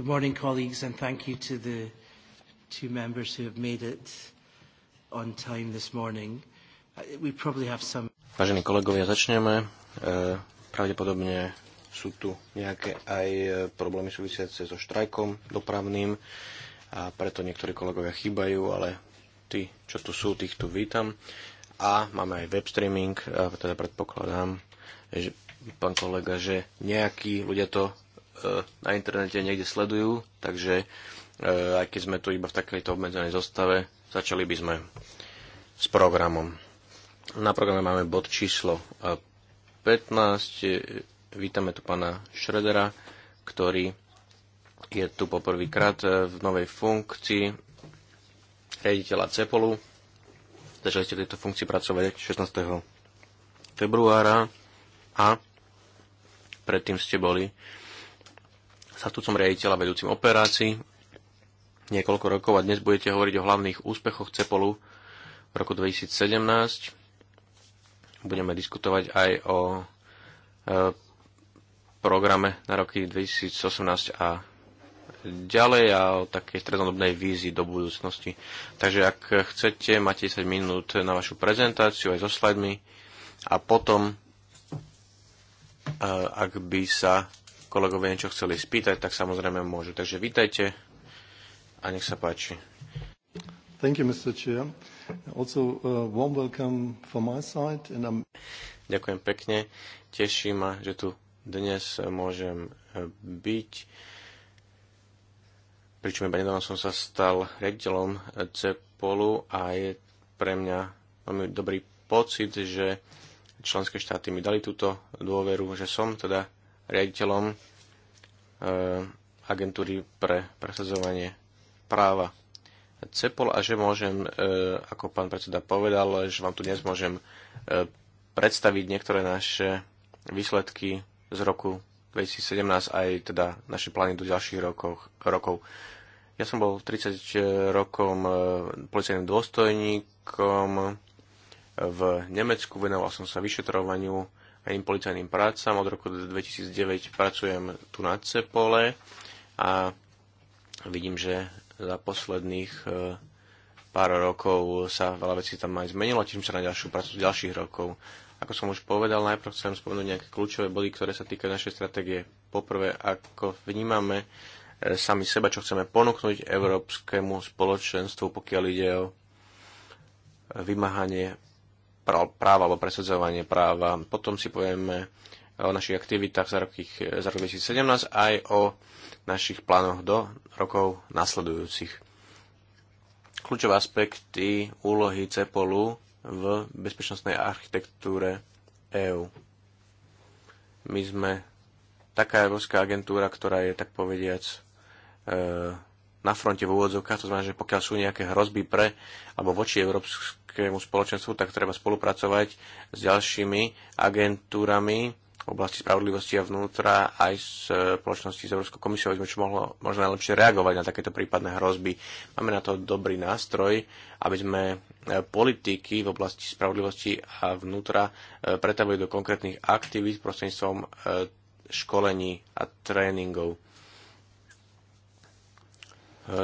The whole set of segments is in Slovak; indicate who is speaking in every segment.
Speaker 1: Good morning, colleagues, and thank you to the two members who have made it on time this morning. Uh, we probably
Speaker 2: have some... Vážení kolegovia, začneme. E, pravdepodobne sú tu nejaké aj e, problémy súvisiace so štrajkom dopravným a preto niektorí kolegovia chýbajú, ale tí, čo tu sú, tých tu vítam. A máme aj web streaming, e, teda predpokladám, že pán kolega, že nejakí ľudia to E, na internete niekde sledujú, takže e, aj keď sme tu iba v takejto obmedzenej zostave, začali by sme s programom. Na programe máme bod číslo 15. E, vítame tu pána Šredera, ktorý je tu poprvýkrát v novej funkcii riaditeľa Cepolu. Začali ste v tejto funkcii pracovať 16. februára a predtým ste boli statúcom riaditeľa vedúcim operácií niekoľko rokov a dnes budete hovoriť o hlavných úspechoch CEPOLu v roku 2017. Budeme diskutovať aj o e, programe na roky 2018 a ďalej a o takej strednodobnej vízii do budúcnosti. Takže ak chcete, máte 10 minút na vašu prezentáciu aj so slajdmi a potom, e, ak by sa kolegovia niečo chceli spýtať, tak samozrejme môžu. Takže vítajte a nech sa páči.
Speaker 1: Thank you, Mr. Chair. Also, uh, warm welcome from my side. And I'm...
Speaker 2: Ďakujem pekne. Teší ma, že tu dnes uh, môžem uh, byť. Pričom iba nedávno som sa stal riaditeľom uh, CEPOLu a je pre mňa veľmi dobrý pocit, že členské štáty mi dali túto dôveru, že som teda riaditeľom e, agentúry pre presadzovanie práva CEPOL a že môžem, e, ako pán predseda povedal, že vám tu dnes môžem e, predstaviť niektoré naše výsledky z roku 2017 aj teda naše plány do ďalších rokoch, rokov. Ja som bol 30 rokom policajným dôstojníkom v Nemecku, venoval som sa vyšetrovaniu a iným policajným prácam. Od roku 2009 pracujem tu na Cepole a vidím, že za posledných e, pár rokov sa veľa vecí tam aj zmenilo, teším sa na ďalšiu prácu z ďalších rokov. Ako som už povedal, najprv chcem spomenúť nejaké kľúčové body, ktoré sa týkajú našej stratégie. Poprvé, ako vnímame e, sami seba, čo chceme ponúknuť európskemu spoločenstvu, pokiaľ ide o vymáhanie práva alebo presadzovanie práva. Potom si povieme o našich aktivitách za, za rok 2017 aj o našich plánoch do rokov nasledujúcich. Kľúčové aspekty úlohy CEPOLu v bezpečnostnej architektúre EÚ. My sme taká európska agentúra, ktorá je tak povediac e, na fronte v úvodzovkách, to znamená, že pokiaľ sú nejaké hrozby pre alebo voči európskemu spoločenstvu, tak treba spolupracovať s ďalšími agentúrami v oblasti spravodlivosti a vnútra aj s e, spoločnosti s Európskou komisiou, aby sme čo mohlo možno najlepšie reagovať na takéto prípadné hrozby. Máme na to dobrý nástroj, aby sme e, politiky v oblasti spravodlivosti a vnútra e, pretavili do konkrétnych aktivít prostredníctvom školení a tréningov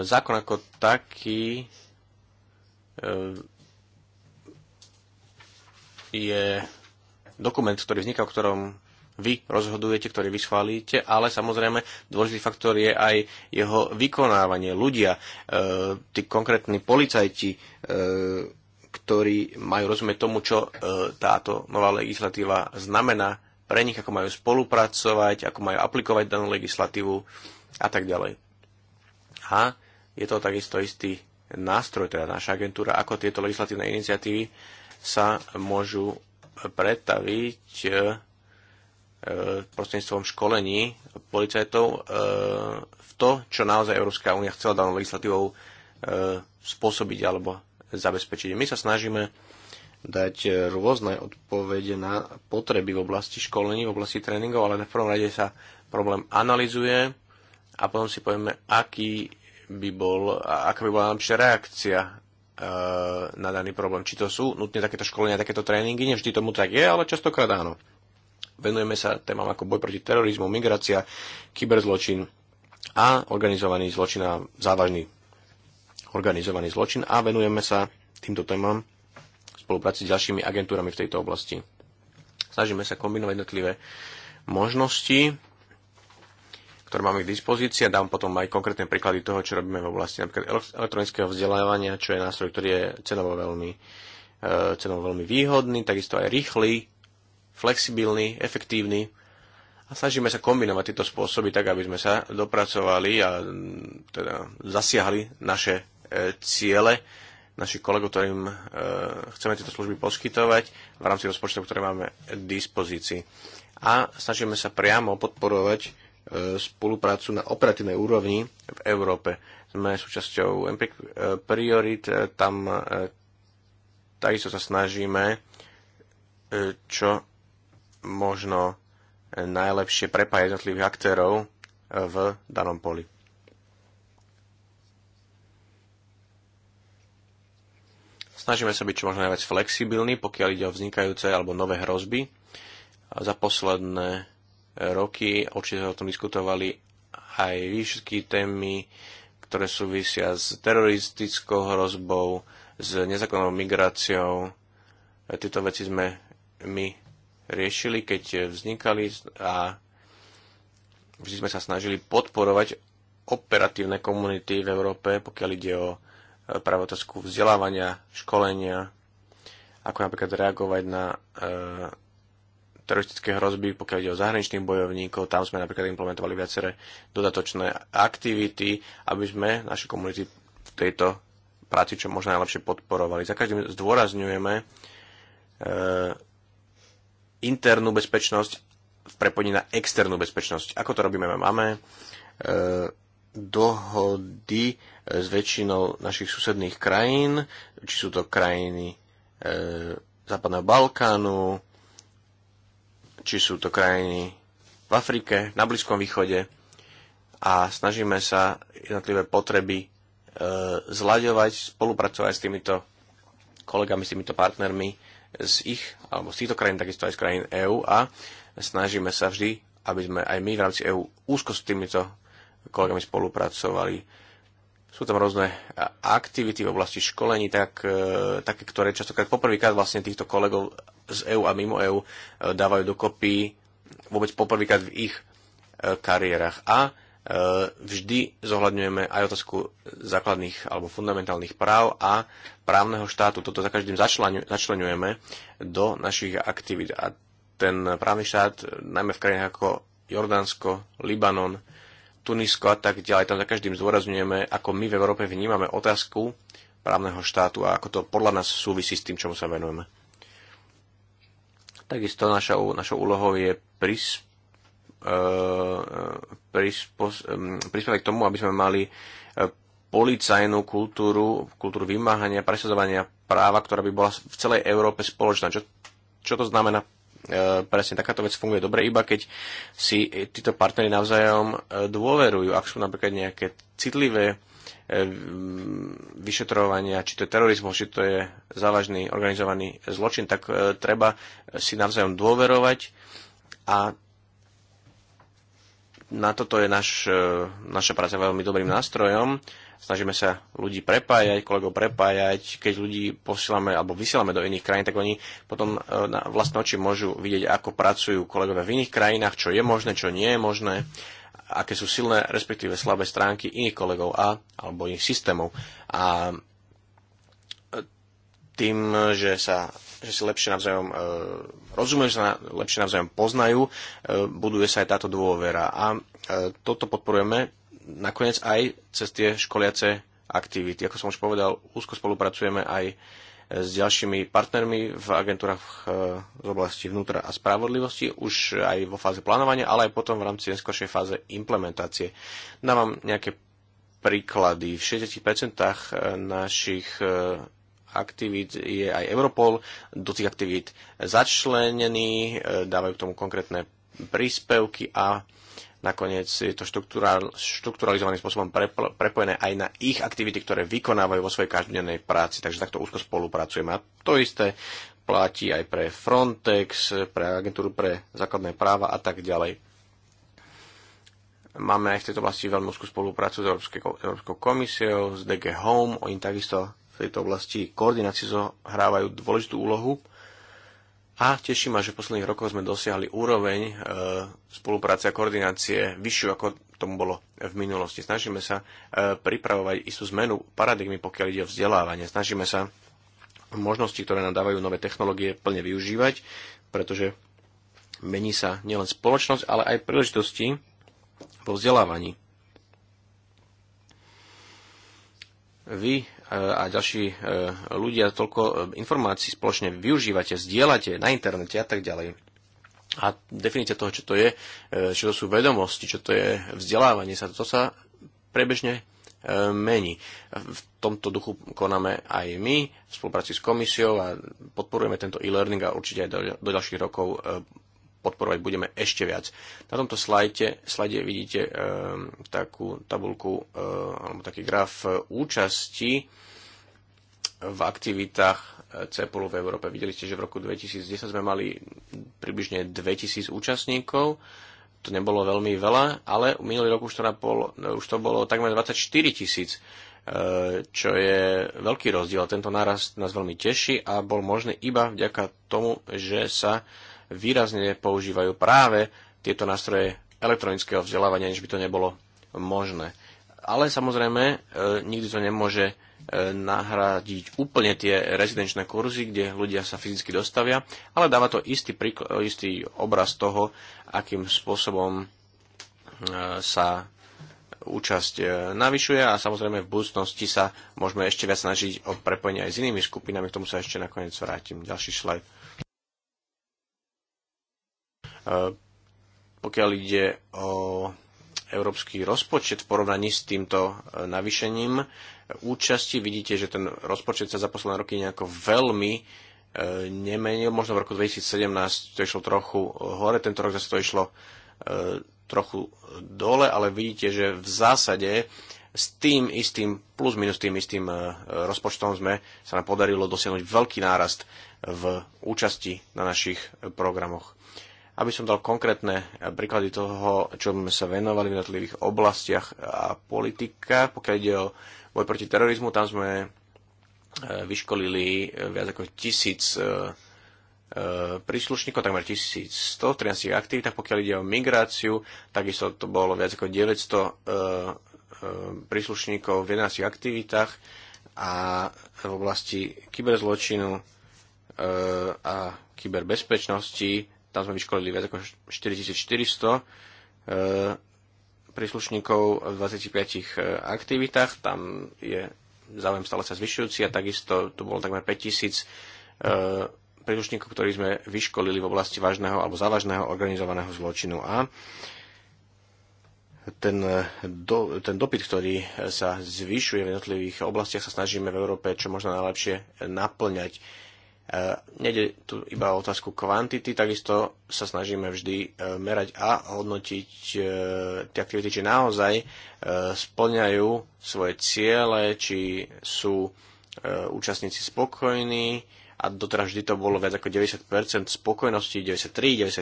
Speaker 2: zákon ako taký e, je dokument, ktorý vzniká, o ktorom vy rozhodujete, ktorý vy schválite, ale samozrejme dôležitý faktor je aj jeho vykonávanie. Ľudia, e, tí konkrétni policajti, e, ktorí majú rozumieť tomu, čo táto nová legislatíva znamená pre nich, ako majú spolupracovať, ako majú aplikovať danú legislatívu a tak ďalej a je to takisto istý nástroj, teda naša agentúra, ako tieto legislatívne iniciatívy sa môžu predstaviť e, e, prostredníctvom školení policajtov e, v to, čo naozaj Európska únia chcela danou legislatívou spôsobiť alebo zabezpečiť. My sa snažíme dať rôzne odpovede na potreby v oblasti školení, v oblasti tréningov, ale v prvom rade sa problém analizuje, a potom si povieme, aký by bol, aká by bola najlepšia reakcia eh, na daný problém. Či to sú nutne takéto školenia, takéto tréningy, nevždy tomu tak je, ale častokrát áno. Venujeme sa témam ako boj proti terorizmu, migrácia, kyberzločin a organizovaný zločin a závažný organizovaný zločin a venujeme sa týmto témam v spolupráci s ďalšími agentúrami v tejto oblasti. Snažíme sa kombinovať jednotlivé možnosti ktoré máme k dispozícii a dám potom aj konkrétne príklady toho, čo robíme v oblasti napríklad elektronického vzdelávania, čo je nástroj, ktorý je cenovo veľmi, e, cenovo veľmi výhodný, takisto aj rýchly, flexibilný, efektívny a snažíme sa kombinovať tieto spôsoby tak, aby sme sa dopracovali a mm, teda zasiahli naše e, ciele našich kolegov, ktorým e, chceme tieto služby poskytovať v rámci rozpočtov, ktoré máme k dispozícii. A snažíme sa priamo podporovať spoluprácu na operatívnej úrovni v Európe. Sme súčasťou MPIC Priorit, e, tam e, takisto sa snažíme e, čo možno najlepšie prepájať jednotlivých aktérov v danom poli. Snažíme sa byť čo možno najviac flexibilní, pokiaľ ide o vznikajúce alebo nové hrozby. A za posledné roky. Určite sa o tom diskutovali aj výšky témy, ktoré súvisia s teroristickou hrozbou, s nezákonnou migráciou. Tieto veci sme my riešili, keď vznikali a vždy sme sa snažili podporovať operatívne komunity v Európe, pokiaľ ide o pravotázku vzdelávania, školenia, ako napríklad reagovať na e, teroristické hrozby, pokiaľ ide o zahraničných bojovníkov, tam sme napríklad implementovali viaceré dodatočné aktivity, aby sme naše komunity v tejto práci čo možno najlepšie podporovali. Za každým zdôrazňujeme e, internú bezpečnosť v prepojení na externú bezpečnosť. Ako to robíme? Máme e, dohody s väčšinou našich susedných krajín, či sú to krajiny e, Západného Balkánu, či sú to krajiny v Afrike, na Blízkom východe a snažíme sa jednotlivé potreby e, zlaďovať, spolupracovať s týmito kolegami, s týmito partnermi z ich, alebo z týchto krajín, takisto aj z krajín EÚ a snažíme sa vždy, aby sme aj my v rámci EÚ úzko s týmito kolegami spolupracovali sú tam rôzne aktivity v oblasti školení, tak, e, také, ktoré častokrát poprvýkrát vlastne týchto kolegov z EÚ a mimo EÚ e, dávajú dokopy vôbec poprvýkrát v ich e, kariérach. A vždy zohľadňujeme aj otázku základných alebo fundamentálnych práv a právneho štátu. Toto za každým začlenujeme do našich aktivít. A ten právny štát, najmä v krajinách ako Jordánsko, Libanon, Tunisko a tak ďalej. Tam za každým zdôrazňujeme, ako my v Európe vnímame otázku právneho štátu a ako to podľa nás súvisí s tým, čomu sa venujeme. Takisto našou, našou úlohou je e, prispieť prispievať k tomu, aby sme mali e, policajnú kultúru, kultúru vymáhania, presadzovania práva, ktorá by bola v celej Európe spoločná. Čo, čo to znamená E, presne takáto vec funguje dobre, iba keď si títo partnery navzájom e, dôverujú, ak sú napríklad nejaké citlivé e, vyšetrovania, či to je terorizmus, či to je závažný organizovaný zločin, tak treba si navzájom dôverovať a na toto je naš, naša práca veľmi dobrým nástrojom snažíme sa ľudí prepájať, kolegov prepájať, keď ľudí posielame alebo vysielame do iných krajín, tak oni potom e, na vlastné oči môžu vidieť, ako pracujú kolegovia v iných krajinách, čo je možné, čo nie je možné, aké sú silné, respektíve slabé stránky iných kolegov a alebo iných systémov. A e, tým, že sa že si lepšie navzájom e, rozumieš, že sa na, lepšie navzájom poznajú, e, buduje sa aj táto dôvera. A e, toto podporujeme nakoniec aj cez tie školiace aktivity. Ako som už povedal, úzko spolupracujeme aj e, s ďalšími partnermi v agentúrach e, z oblasti vnútra a spravodlivosti, už aj vo fáze plánovania, ale aj potom v rámci neskôršej fáze implementácie. Dávam nejaké príklady. V 60% e, našich aktivít je aj Europol, do tých aktivít začlenený, dávajú k tomu konkrétne príspevky a Nakoniec je to štrukturalizovaným spôsobom prepojené aj na ich aktivity, ktoré vykonávajú vo svojej každodennej práci, takže takto úzko spolupracujeme. A to isté platí aj pre Frontex, pre agentúru pre základné práva a tak ďalej. Máme aj v tejto oblasti veľmi úzkú spoluprácu s Európskou komisiou, s DG Home, oni takisto v tejto oblasti koordinácii zohrávajú dôležitú úlohu a teší ma, že v posledných rokoch sme dosiahli úroveň e, spolupráce a koordinácie vyššiu, ako tomu bolo v minulosti. Snažíme sa e, pripravovať istú zmenu paradigmy, pokiaľ ide o vzdelávanie. Snažíme sa možnosti, ktoré nám dávajú nové technológie, plne využívať, pretože mení sa nielen spoločnosť, ale aj príležitosti vo vzdelávaní. Vy a ďalší e, ľudia toľko e, informácií spoločne využívate, zdieľate na internete a tak ďalej. A definícia toho, čo to je, e, čo to sú vedomosti, čo to je vzdelávanie, sa, to sa prebežne mení. V tomto duchu konáme aj my v spolupráci s komisiou a podporujeme tento e-learning a určite aj do, do ďalších rokov podporovať budeme ešte viac. Na tomto slajde, slajde vidíte e, takú tabulku e, alebo taký graf eh, účasti v aktivitách eh, CEPOLu v Európe. Videli ste, že v roku 2010 sme mali približne 2000 účastníkov. To nebolo veľmi veľa, ale minulý rok už to, napol, už to bolo takmer 24 tisíc eh, čo je veľký rozdiel. Tento nárast nás veľmi teší a bol možný iba vďaka tomu, že sa výrazne používajú práve tieto nástroje elektronického vzdelávania, než by to nebolo možné. Ale samozrejme, e, nikdy to nemôže e, nahradiť úplne tie rezidenčné kurzy, kde ľudia sa fyzicky dostavia, ale dáva to istý, istý obraz toho, akým spôsobom e, sa účasť navyšuje a samozrejme v budúcnosti sa môžeme ešte viac snažiť o prepojenie aj s inými skupinami, k tomu sa ešte nakoniec vrátim. Ďalší slajd. E, pokiaľ ide o európsky rozpočet v porovnaní s týmto e, navýšením e, účasti, vidíte, že ten rozpočet sa za posledné roky nejako veľmi nemenil. Možno v roku 2017 to išlo trochu hore, tento rok zase to išlo trochu dole, ale vidíte, že v zásade s tým istým, plus minus tým istým rozpočtom sme sa nám podarilo dosiahnuť veľký nárast v účasti na našich programoch aby som dal konkrétne príklady toho, čo sme sa venovali v jednotlivých oblastiach a politika. Pokiaľ ide o boj proti terorizmu, tam sme e, vyškolili e, viac ako tisíc e, príslušníkov, takmer 1100 13 aktivitách. Pokiaľ ide o migráciu, takisto to bolo viac ako 900 príslušníkov v 11 aktivitách a v oblasti kyberzločinu a kyberbezpečnosti tam sme vyškolili viac ako 4400 e, príslušníkov v 25 e, aktivitách, tam je záujem stále sa zvyšujúci a takisto tu bolo takmer 5000 e, príslušníkov, ktorí sme vyškolili v oblasti vážneho alebo závažného organizovaného zločinu. A ten, do, ten dopyt, ktorý sa zvyšuje v jednotlivých oblastiach, sa snažíme v Európe čo možno najlepšie naplňať E, Nede tu iba o otázku kvantity, takisto sa snažíme vždy e, merať a hodnotiť e, tie aktivity, či naozaj splňajú svoje ciele, či sú účastníci spokojní a doteraz vždy to bolo viac ako 90% spokojnosti, 93, 94,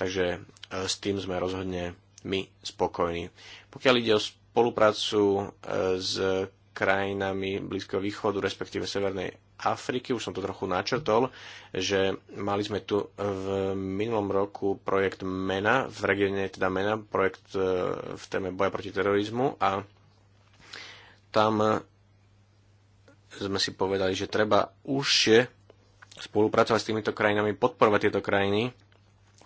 Speaker 2: takže s tým sme rozhodne my spokojní. Pokiaľ ide o spoluprácu s krajinami Blízkeho východu, respektíve Severnej Afriky, už som to trochu načrtol, že mali sme tu v minulom roku projekt MENA, v regióne teda MENA, projekt e, v téme boja proti terorizmu a tam e, sme si povedali, že treba užšie spolupracovať s týmito krajinami, podporovať tieto krajiny,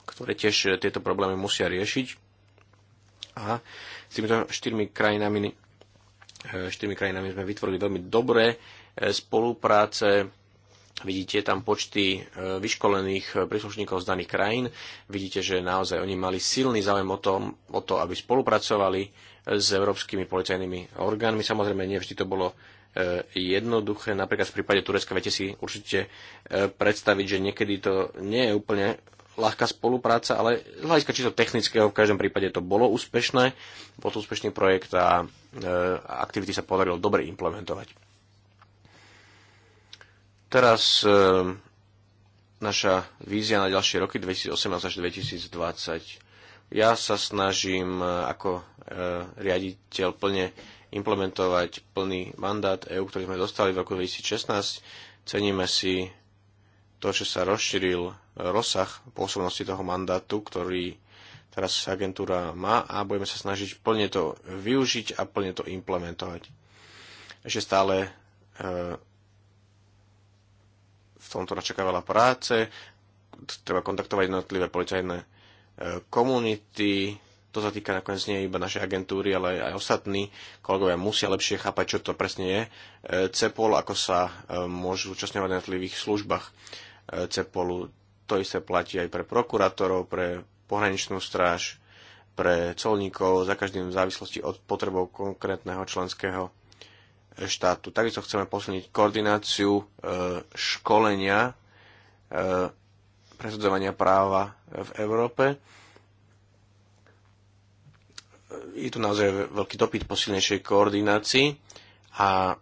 Speaker 2: ktoré tiež e, tieto problémy musia riešiť. A s týmito štyrmi krajinami, štyrmi krajinami sme vytvorili veľmi dobré spolupráce, vidíte tam počty e, vyškolených e, príslušníkov z daných krajín, vidíte, že naozaj oni mali silný záujem o, tom, o to, aby spolupracovali e, s európskymi policajnými orgánmi. Samozrejme, nie vždy to bolo jednoduché. Napríklad v prípade Turecka viete si určite predstaviť, že niekedy to nie je úplne ľahká spolupráca, ale z hľadiska čisto technického v každom prípade to bolo úspešné, bol to úspešný projekt a e, aktivity sa podarilo dobre implementovať. Teraz e, naša vízia na ďalšie roky 2018 až 2020. Ja sa snažím e, ako e, riaditeľ plne implementovať plný mandát EÚ, ktorý sme dostali v roku 2016. Ceníme si to, že sa rozšíril rozsah pôsobnosti toho mandátu, ktorý teraz agentúra má a budeme sa snažiť plne to využiť a plne to implementovať. Ešte stále v tomto čaká veľa práce, treba kontaktovať jednotlivé policajné e, komunity, to sa týka nakoniec nie iba našej agentúry, ale aj ostatní kolegovia musia lepšie chápať, čo to presne je e, CEPOL, ako sa e, môžu zúčastňovať na jednotlivých službách CEPOLu. To isté platí aj pre prokurátorov, pre pohraničnú stráž, pre colníkov, za každým v závislosti od potrebov konkrétneho členského štátu. Takisto chceme posilniť koordináciu e, školenia e, presudzovania práva v Európe. Je tu naozaj veľký dopyt po silnejšej koordinácii a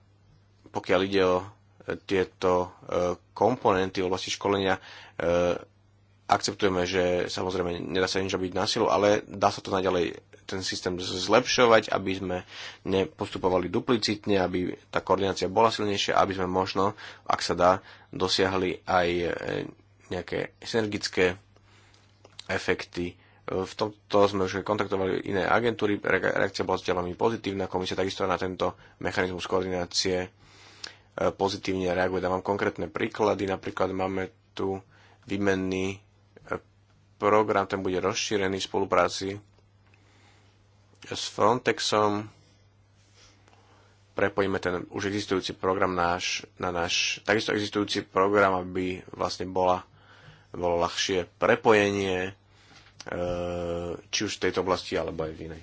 Speaker 2: pokiaľ ide o e, tieto komponenty v oblasti školenia, akceptujeme, že samozrejme nedá sa nič robiť na silu, ale dá sa to naďalej ten systém zlepšovať, aby sme nepostupovali duplicitne, aby tá koordinácia bola silnejšia, aby sme možno, ak sa dá, dosiahli aj e, nejaké synergické efekty. V tomto sme už kontaktovali iné agentúry, reakcia bola zatiaľ veľmi pozitívna, komisia takisto na tento mechanizmus koordinácie e, pozitívne reaguje. Dávam konkrétne príklady, napríklad máme tu výmenný e, program, ten bude rozšírený v spolupráci s Frontexom prepojíme ten už existujúci program náš, na náš takisto existujúci program, aby vlastne bola, bolo ľahšie prepojenie e, či už v tejto oblasti alebo aj v inej.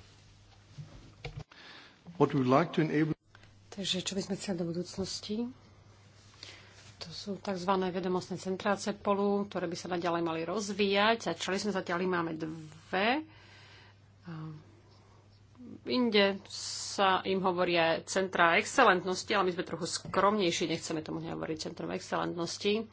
Speaker 3: Takže čo by sme chceli do budúcnosti? To sú tzv. vedomostné centrá CEPOLu, ktoré by sa naďalej mali rozvíjať. Začali sme zatiaľ, máme dve. Inde sa im hovoria centra excelentnosti, ale my sme trochu skromnejší, nechceme tomu hovoriť centrum excelentnosti.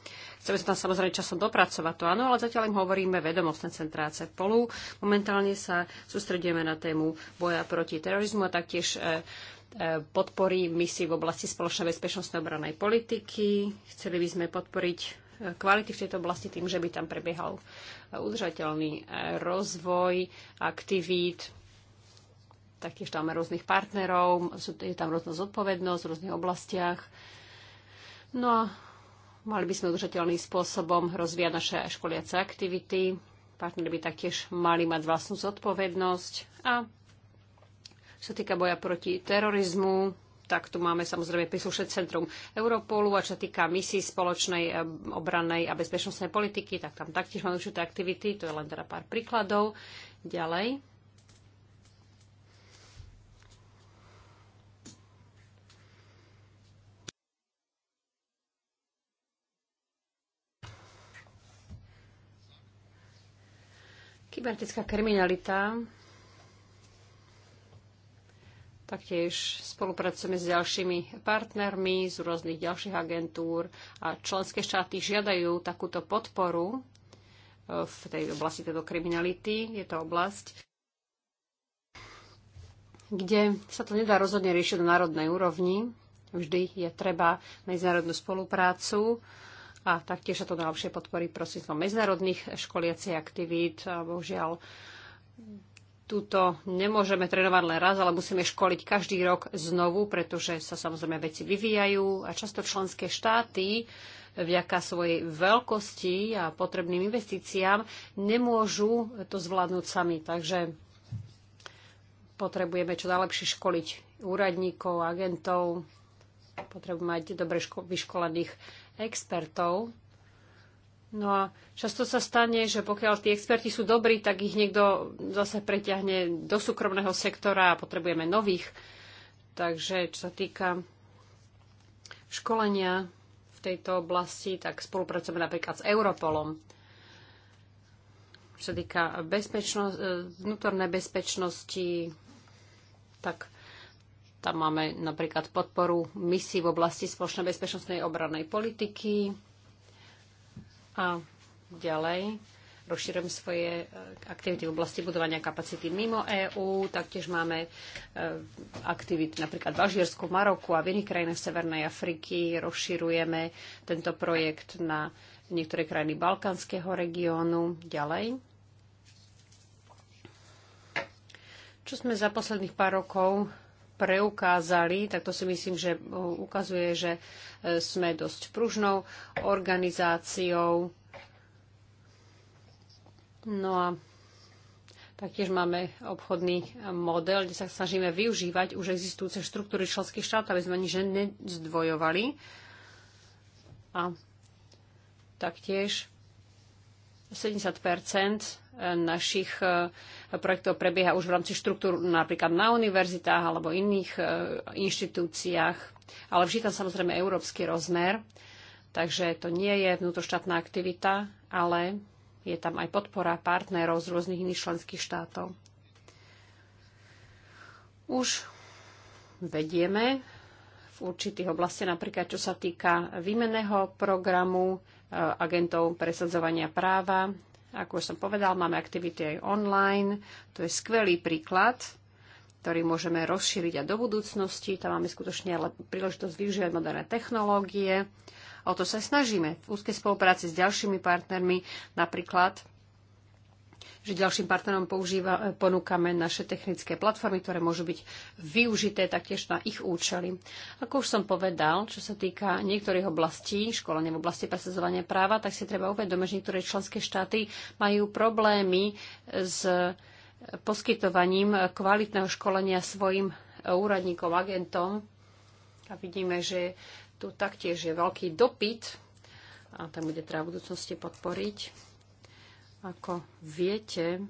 Speaker 3: Chceme sa tam samozrejme časom dopracovať, to áno, ale zatiaľ im hovoríme vedomostné centrá polu. Momentálne sa sústredíme na tému boja proti terorizmu a taktiež e, e, podpory misií v oblasti spoločnej bezpečnostnej obranej politiky. Chceli by sme podporiť e, kvality v tejto oblasti tým, že by tam prebiehal udržateľný rozvoj aktivít taktiež tam máme rôznych partnerov, je tam rôzna zodpovednosť v rôznych oblastiach. No a mali by sme udržateľným spôsobom rozvíjať naše školiace aktivity. Partnery by taktiež mali mať vlastnú zodpovednosť a čo sa týka boja proti terorizmu, tak tu máme samozrejme príslušné centrum Europolu a čo sa týka misií spoločnej eh, obrannej a bezpečnostnej politiky, tak tam taktiež máme určité aktivity, to je len teda pár príkladov. Ďalej. Kybernetická kriminalita. Taktiež spolupracujeme s ďalšími partnermi z rôznych ďalších agentúr a členské štáty žiadajú takúto podporu e, v tej oblasti tejto kriminality. Je to oblasť, kde sa to nedá rozhodne riešiť na národnej úrovni. Vždy je treba medzinárodnú spoluprácu a taktiež sa to dá lepšie podporiť prostredníctvom medzinárodných školiacich aktivít. A bohužiaľ, túto nemôžeme trénovať len raz, ale musíme školiť každý rok znovu, pretože sa samozrejme veci vyvíjajú a často členské štáty vďaka svojej veľkosti a potrebným investíciám nemôžu to zvládnuť sami. Takže potrebujeme čo najlepšie školiť úradníkov, agentov, potrebujeme mať dobre vyškolených expertov. No a často sa stane, že pokiaľ tí experti sú dobrí, tak ich niekto zase preťahne do súkromného sektora a potrebujeme nových. Takže čo sa týka školenia v tejto oblasti, tak spolupracujeme napríklad s Europolom. Čo sa týka bezpečnosť, vnútornej bezpečnosti, tak tam máme napríklad podporu misií v oblasti spoločnej bezpečnostnej obrannej politiky a ďalej rozšírujeme svoje e, aktivity v oblasti budovania kapacity mimo EÚ. Taktiež máme e, aktivity napríklad v Alžírsku, Maroku a v iných krajinách Severnej Afriky. Rozširujeme tento projekt na niektoré krajiny Balkánskeho regiónu. Ďalej. Čo sme za posledných pár rokov preukázali, tak to si myslím, že e, ukazuje, že e, sme dosť pružnou organizáciou. No a taktiež máme obchodný model, kde sa snažíme využívať už existujúce štruktúry členských štátov, aby sme nič nezdvojovali. A taktiež 70 našich e, projektov prebieha už v rámci štruktúr napríklad na univerzitách alebo iných e, inštitúciách, ale vždy tam samozrejme európsky rozmer, takže to nie je vnútroštátna aktivita, ale je tam aj podpora partnerov z rôznych iných členských štátov. Už vedieme v určitých oblastiach, napríklad čo sa týka výmenného programu agentov presadzovania práva. Ako už som povedal, máme aktivity aj online. To je skvelý príklad, ktorý môžeme rozšíriť aj do budúcnosti. Tam máme skutočne príležitosť využívať moderné technológie. O to sa snažíme v úzkej spolupráci s ďalšími partnermi, napríklad že ďalším partnerom používa, e, ponúkame naše technické platformy, ktoré môžu byť využité taktiež na ich účely. Ako už som povedal, čo sa týka niektorých oblastí, školenie v oblasti presadzovania práva, tak si treba uvedomiť, že niektoré členské štáty majú problémy s poskytovaním kvalitného školenia svojim úradníkom, agentom. A vidíme, že tu taktiež je veľký dopyt a tam bude treba v budúcnosti podporiť ako viete,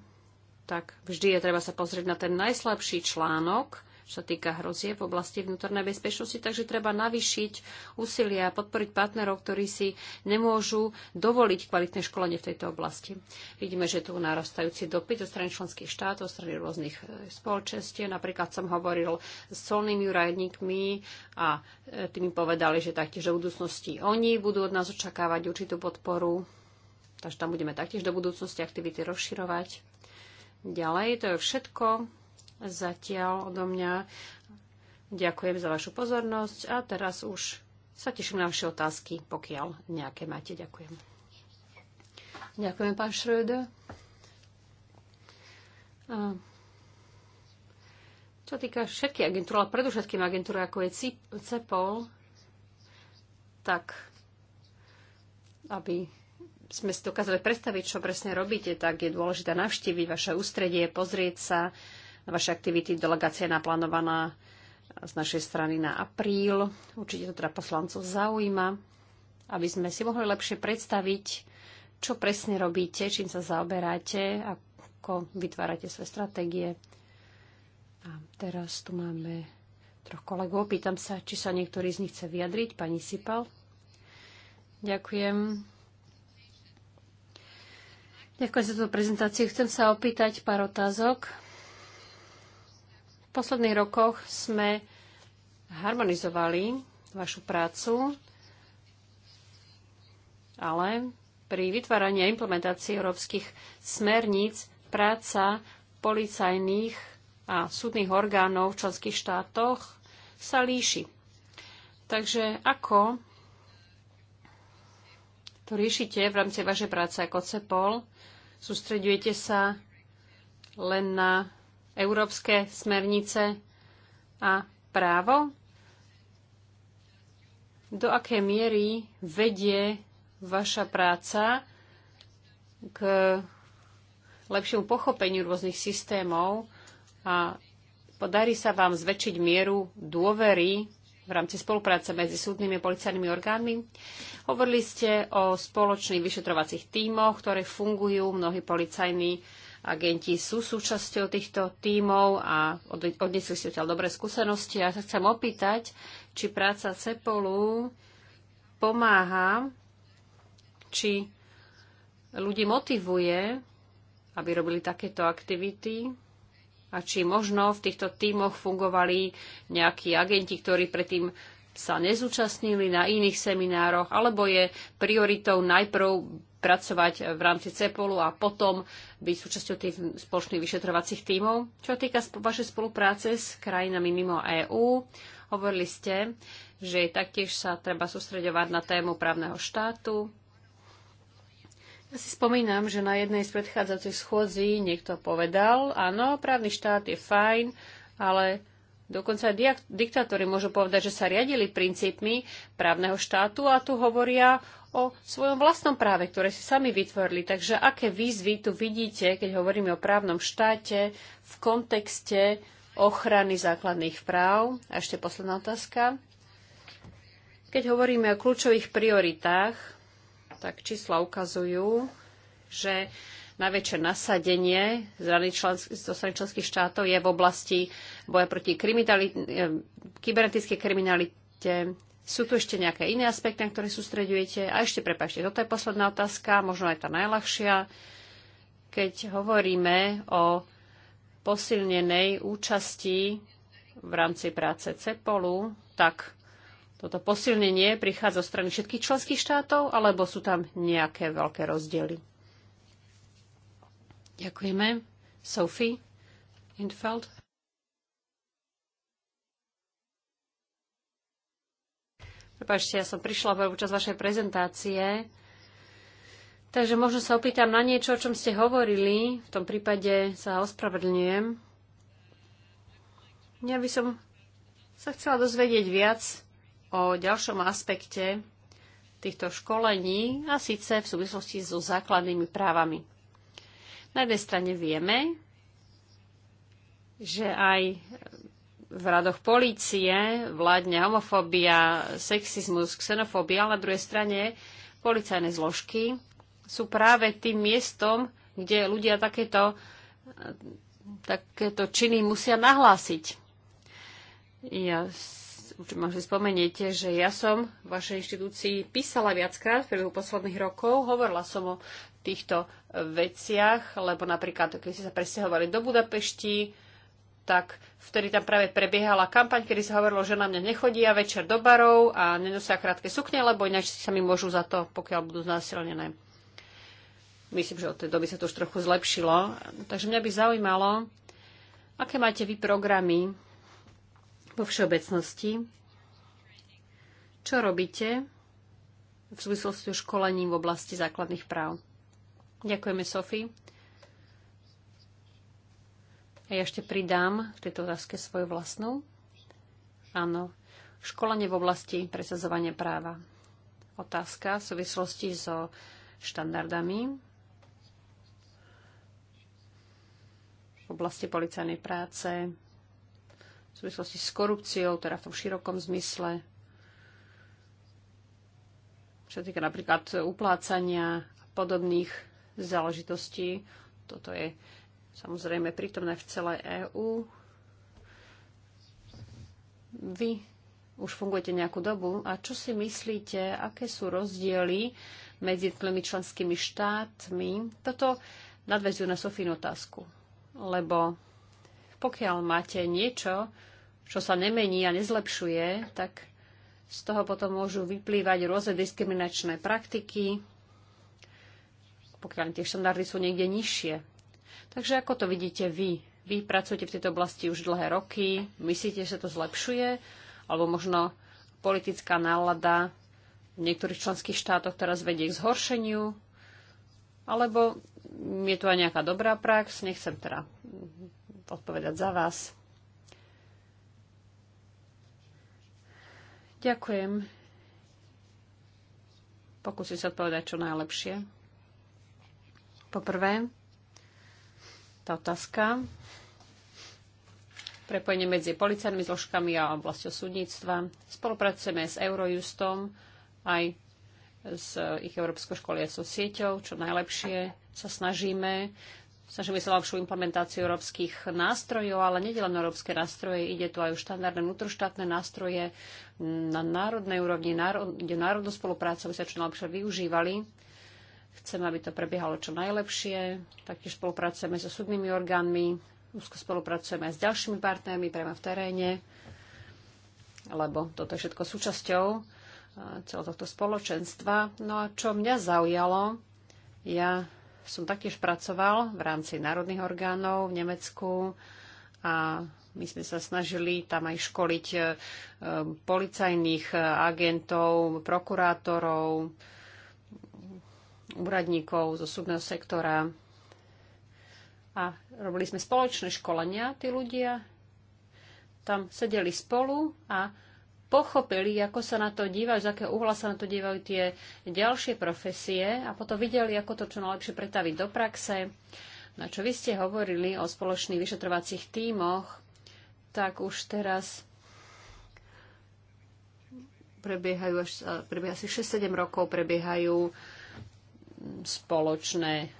Speaker 3: tak vždy je treba sa pozrieť na ten najslabší článok, čo sa týka hrozie v oblasti vnútornej bezpečnosti, takže treba navýšiť úsilia a podporiť partnerov, ktorí si nemôžu dovoliť kvalitné školenie v tejto oblasti. Vidíme, že tu narastajúci dopyt zo strany členských štátov, zo strany rôznych e, spoločenstiev. Napríklad som hovoril s colnými úradníkmi a e, tými povedali, že taktiež v budúcnosti oni budú od nás očakávať určitú podporu Takže tam budeme taktiež do budúcnosti aktivity rozširovať. Ďalej, to je všetko zatiaľ odo mňa. Ďakujem za vašu pozornosť a teraz už sa teším na vaše otázky, pokiaľ nejaké máte. Ďakujem. Ďakujem, pán Schröder. čo týka všetky agentúry, ale predovšetkým agentúry, ako je CEPOL, tak aby sme si dokázali predstaviť, čo presne robíte, tak je dôležité navštíviť vaše ústredie, pozrieť sa na vaše aktivity. Delegácia je naplánovaná z našej strany na apríl. Určite to teda poslancov zaujíma, aby sme si mohli lepšie predstaviť, čo presne robíte, čím sa zaoberáte, ako vytvárate svoje stratégie. A teraz tu máme troch kolegov. Pýtam sa, či sa niektorý z nich chce vyjadriť. Pani Sipal. Ďakujem. Ďakujem za tú prezentáciu. Chcem sa opýtať pár otázok. V posledných rokoch sme harmonizovali vašu prácu, ale pri vytváraní a implementácii európskych smerníc práca policajných a súdnych orgánov v členských štátoch sa líši. Takže ako to riešite v rámci vašej práce ako CEPOL. Sústredujete sa len na európske smernice a právo? Do akej miery vedie vaša práca k lepšiemu pochopeniu rôznych systémov a podarí sa vám zväčšiť mieru dôvery v rámci spolupráce medzi súdnymi a policajnými orgánmi. Hovorili ste o spoločných vyšetrovacích tímoch, ktoré fungujú. Mnohí policajní agenti sú súčasťou týchto tímov a odnesli ste odtiaľ dobré skúsenosti. Ja sa chcem opýtať, či práca CEPOLu pomáha, či ľudí motivuje, aby robili takéto aktivity a či možno v týchto tímoch fungovali nejakí agenti, ktorí predtým sa nezúčastnili na iných seminároch, alebo je prioritou najprv pracovať v rámci CEPOLu a potom byť súčasťou tých spoločných vyšetrovacích tímov. Čo týka vašej spolupráce s krajinami mimo EÚ, hovorili ste, že taktiež sa treba sústredovať na tému právneho štátu, si spomínam, že na jednej z predchádzajúcich schôdzí niekto povedal, áno, právny štát je fajn, ale dokonca aj diktátori môžu povedať, že sa riadili princípmi právneho štátu a tu hovoria o svojom vlastnom práve, ktoré si sami vytvorili. Takže aké výzvy tu vidíte, keď hovoríme o právnom štáte v kontexte ochrany základných práv? A ešte posledná otázka. Keď hovoríme o kľúčových prioritách tak čísla ukazujú, že najväčšie nasadenie zo strany členských štátov je v oblasti boja proti eh, kybernetickej kriminalite. Sú tu ešte nejaké iné aspekty, na ktoré sústredujete? A ešte, prepašte, toto je posledná otázka, možno aj tá najľahšia. Keď hovoríme o posilnenej účasti v rámci práce CEPOLu, tak toto posilnenie prichádza zo strany všetkých členských štátov, alebo sú tam nejaké veľké rozdiely? Ďakujeme. Sophie Infeld. Prepačte, ja som prišla počas účasť vašej prezentácie. Takže možno sa opýtam na niečo, o čom ste hovorili. V tom prípade sa ospravedlňujem. Ja by som sa chcela dozvedieť viac o ďalšom aspekte týchto školení a síce v súvislosti so základnými právami. Na jednej strane vieme, že aj v radoch polície vládne homofóbia, sexizmus, xenofóbia, ale na druhej strane policajné zložky sú práve tým miestom, kde ľudia takéto, takéto činy musia nahlásiť. Ja Možno si spomeniete, že ja som v vašej inštitúcii písala viackrát v priebehu posledných rokov, hovorila som o týchto veciach, lebo napríklad, keď ste sa presťahovali do Budapešti, tak vtedy tam práve prebiehala kampaň, kedy sa hovorilo, že na mňa nechodia večer do barov a nenosia krátke sukne, lebo ináč sa mi môžu za to, pokiaľ budú znásilnené. Myslím, že od tej doby sa to už trochu zlepšilo. Takže mňa by zaujímalo, aké máte vy programy vo všeobecnosti. Čo robíte v súvislosti s školením v oblasti základných práv? Ďakujeme, Sofi. A ja ešte pridám v tejto otázke svoju vlastnú. Áno, školenie v oblasti presadzovania práva. Otázka v súvislosti so štandardami v oblasti policajnej práce, v súvislosti s korupciou, teda v tom širokom zmysle. Čo týka napríklad uplácania a podobných záležitostí, toto je samozrejme prítomné v celej EÚ. Vy už fungujete nejakú dobu a čo si myslíte, aké sú rozdiely medzi tými členskými štátmi? Toto nadväzujú na Sofínu otázku, lebo pokiaľ máte niečo, čo sa nemení a nezlepšuje, tak z toho potom môžu vyplývať rôzne diskriminačné praktiky, pokiaľ tie štandardy sú niekde nižšie. Takže ako to vidíte vy? Vy pracujete v tejto oblasti už dlhé roky, myslíte, že sa to zlepšuje? Alebo možno politická nálada v niektorých členských štátoch teraz vedie k zhoršeniu? Alebo je tu aj nejaká dobrá prax? Nechcem teda odpovedať za vás. Ďakujem. Pokúsim sa odpovedať čo najlepšie. Poprvé, tá otázka. Prepojenie medzi policajnými zložkami a oblasťou súdnictva. Spolupracujeme s Eurojustom aj s ich Európskou školiacou sieťou, čo najlepšie sa snažíme snažíme sa lepšiu implementáciu európskych nástrojov, ale nie len európske nástroje, ide tu aj o štandardné vnútroštátne nástroje na národnej úrovni, kde národnú spoluprácu, by sa čo najlepšie využívali. Chceme, aby to prebiehalo čo najlepšie. Taktiež spolupracujeme so súdnymi orgánmi, úzko spolupracujeme aj s ďalšími partnermi priamo v teréne, lebo toto je všetko súčasťou eh, celého tohto spoločenstva. No a čo mňa zaujalo, ja som taktiež pracoval v rámci národných orgánov v Nemecku a my sme sa snažili tam aj školiť e, policajných agentov, prokurátorov, úradníkov zo súdneho sektora. A robili sme spoločné školenia, tí ľudia tam sedeli spolu a pochopili, ako sa na to dívajú, z akého uhla sa na to dívajú tie ďalšie profesie a potom videli, ako to čo najlepšie pretaviť do praxe. Na čo vy ste hovorili o spoločných vyšetrovacích tímoch, tak už teraz prebiehajú až, prebieha asi 6-7 rokov, prebiehajú spoločné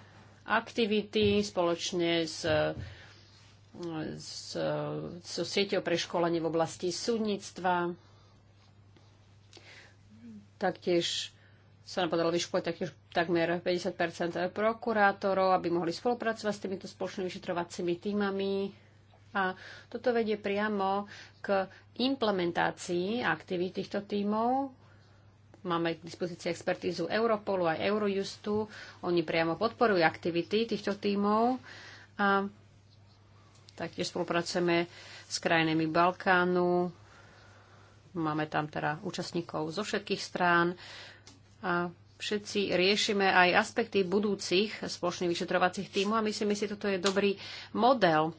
Speaker 3: aktivity, spoločne s so sieťou pre školenie v oblasti súdnictva. Taktiež sa nám podarilo vyškoliť taktiež takmer 50 prokurátorov, aby mohli spolupracovať s týmito spoločnými vyšetrovacími týmami. A toto vedie priamo k implementácii aktivít týchto týmov máme k dispozícii expertízu Europolu aj Eurojustu. Oni priamo podporujú aktivity týchto tímov. A taktiež spolupracujeme s krajinami Balkánu, Máme tam teda účastníkov zo všetkých strán a všetci riešime aj aspekty budúcich spoločných vyšetrovacích tímov a myslím si, že toto je dobrý model,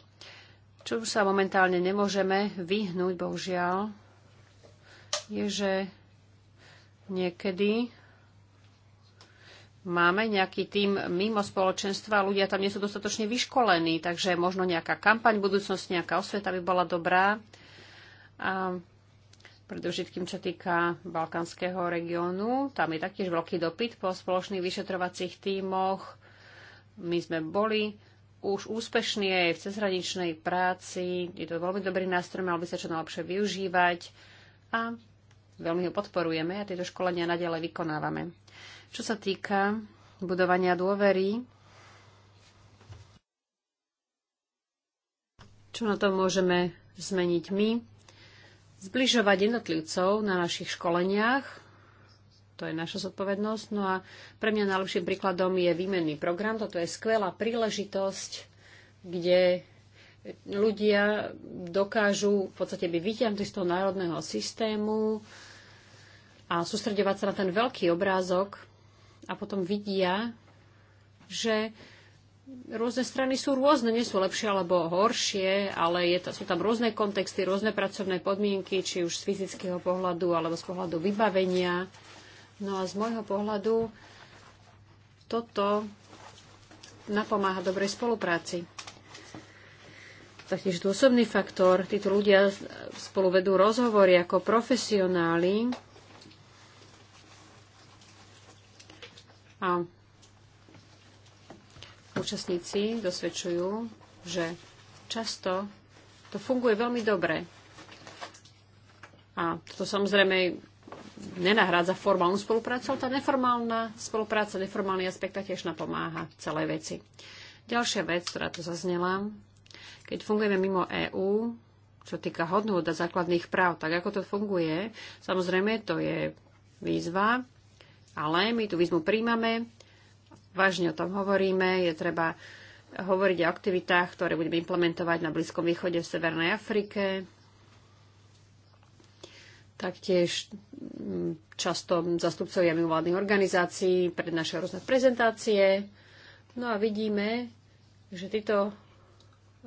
Speaker 3: čo už sa momentálne nemôžeme vyhnúť, bohužiaľ, je, že niekedy máme nejaký tým mimo spoločenstva, ľudia tam nie sú dostatočne vyškolení, takže možno nejaká kampaň v budúcnosti, nejaká osveta by bola dobrá. A predovšetkým čo týka balkánskeho regiónu. Tam je taktiež veľký dopyt po spoločných vyšetrovacích tímoch. My sme boli už úspešní aj v cezhraničnej práci. Je to veľmi dobrý nástroj, mal by sa čo najlepšie využívať a veľmi ho podporujeme a tieto školenia nadalej vykonávame. Čo sa týka budovania dôvery, čo na to môžeme zmeniť my? zbližovať jednotlivcov na našich školeniach. To je naša zodpovednosť. No a pre mňa najlepším príkladom je výmenný program. Toto je skvelá príležitosť, kde ľudia dokážu v podstate byť vyťahnutí z toho národného systému a sústredovať sa na ten veľký obrázok a potom vidia, že rôzne strany sú rôzne, nie sú lepšie alebo horšie, ale je to, sú tam rôzne kontexty, rôzne pracovné podmienky, či už z fyzického pohľadu alebo z pohľadu vybavenia. No a z môjho pohľadu toto napomáha dobrej spolupráci. Taktiež dôsobný faktor, títo ľudia spolu vedú rozhovory ako profesionáli a účastníci dosvedčujú, že často to funguje veľmi dobre. A to samozrejme nenahrádza formálnu spoluprácu, ale tá neformálna spolupráca, neformálny aspekt tiež napomáha celej veci. Ďalšia vec, ktorá tu zaznela, keď fungujeme mimo EÚ, čo týka hodnot a základných práv, tak ako to funguje, samozrejme to je výzva, ale my tú výzvu príjmame vážne o tom hovoríme. Je treba hovoriť o aktivitách, ktoré budeme implementovať na Blízkom východe v Severnej Afrike. Taktiež mm, často zastupcovia mimovládnych organizácií prednášajú rôzne prezentácie. No a vidíme, že títo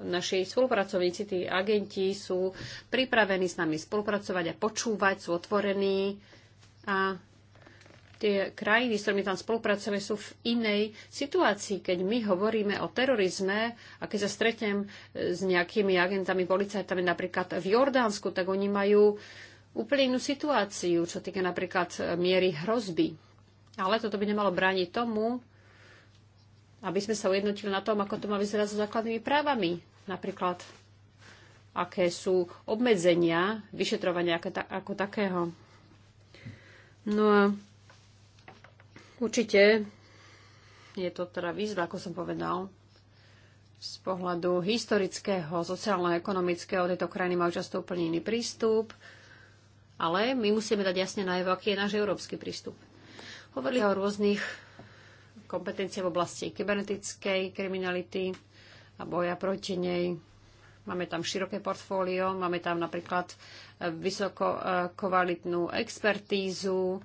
Speaker 3: naši spolupracovníci, tí agenti sú pripravení s nami spolupracovať a počúvať, sú otvorení a tie krajiny, s ktorými tam spolupracujeme, sú v inej situácii. Keď my hovoríme o terorizme a keď sa stretnem e, s nejakými agentami, policajtami napríklad v Jordánsku, tak oni majú úplne inú situáciu, čo týka napríklad e, miery hrozby. Ale toto by nemalo brániť tomu, aby sme sa ujednotili na tom, ako to má vyzerať so základnými právami. Napríklad, aké sú obmedzenia vyšetrovania ako, ta- ako takého. No a Určite je to teda výzva, ako som povedal, z pohľadu historického, sociálno-ekonomického tejto krajiny majú často úplne iný prístup, ale my musíme dať jasne najavo, aký je náš európsky prístup. Hovorili o rôznych kompetenciách v oblasti kybernetickej kriminality a boja proti nej. Máme tam široké portfólio, máme tam napríklad vysoko kvalitnú expertízu,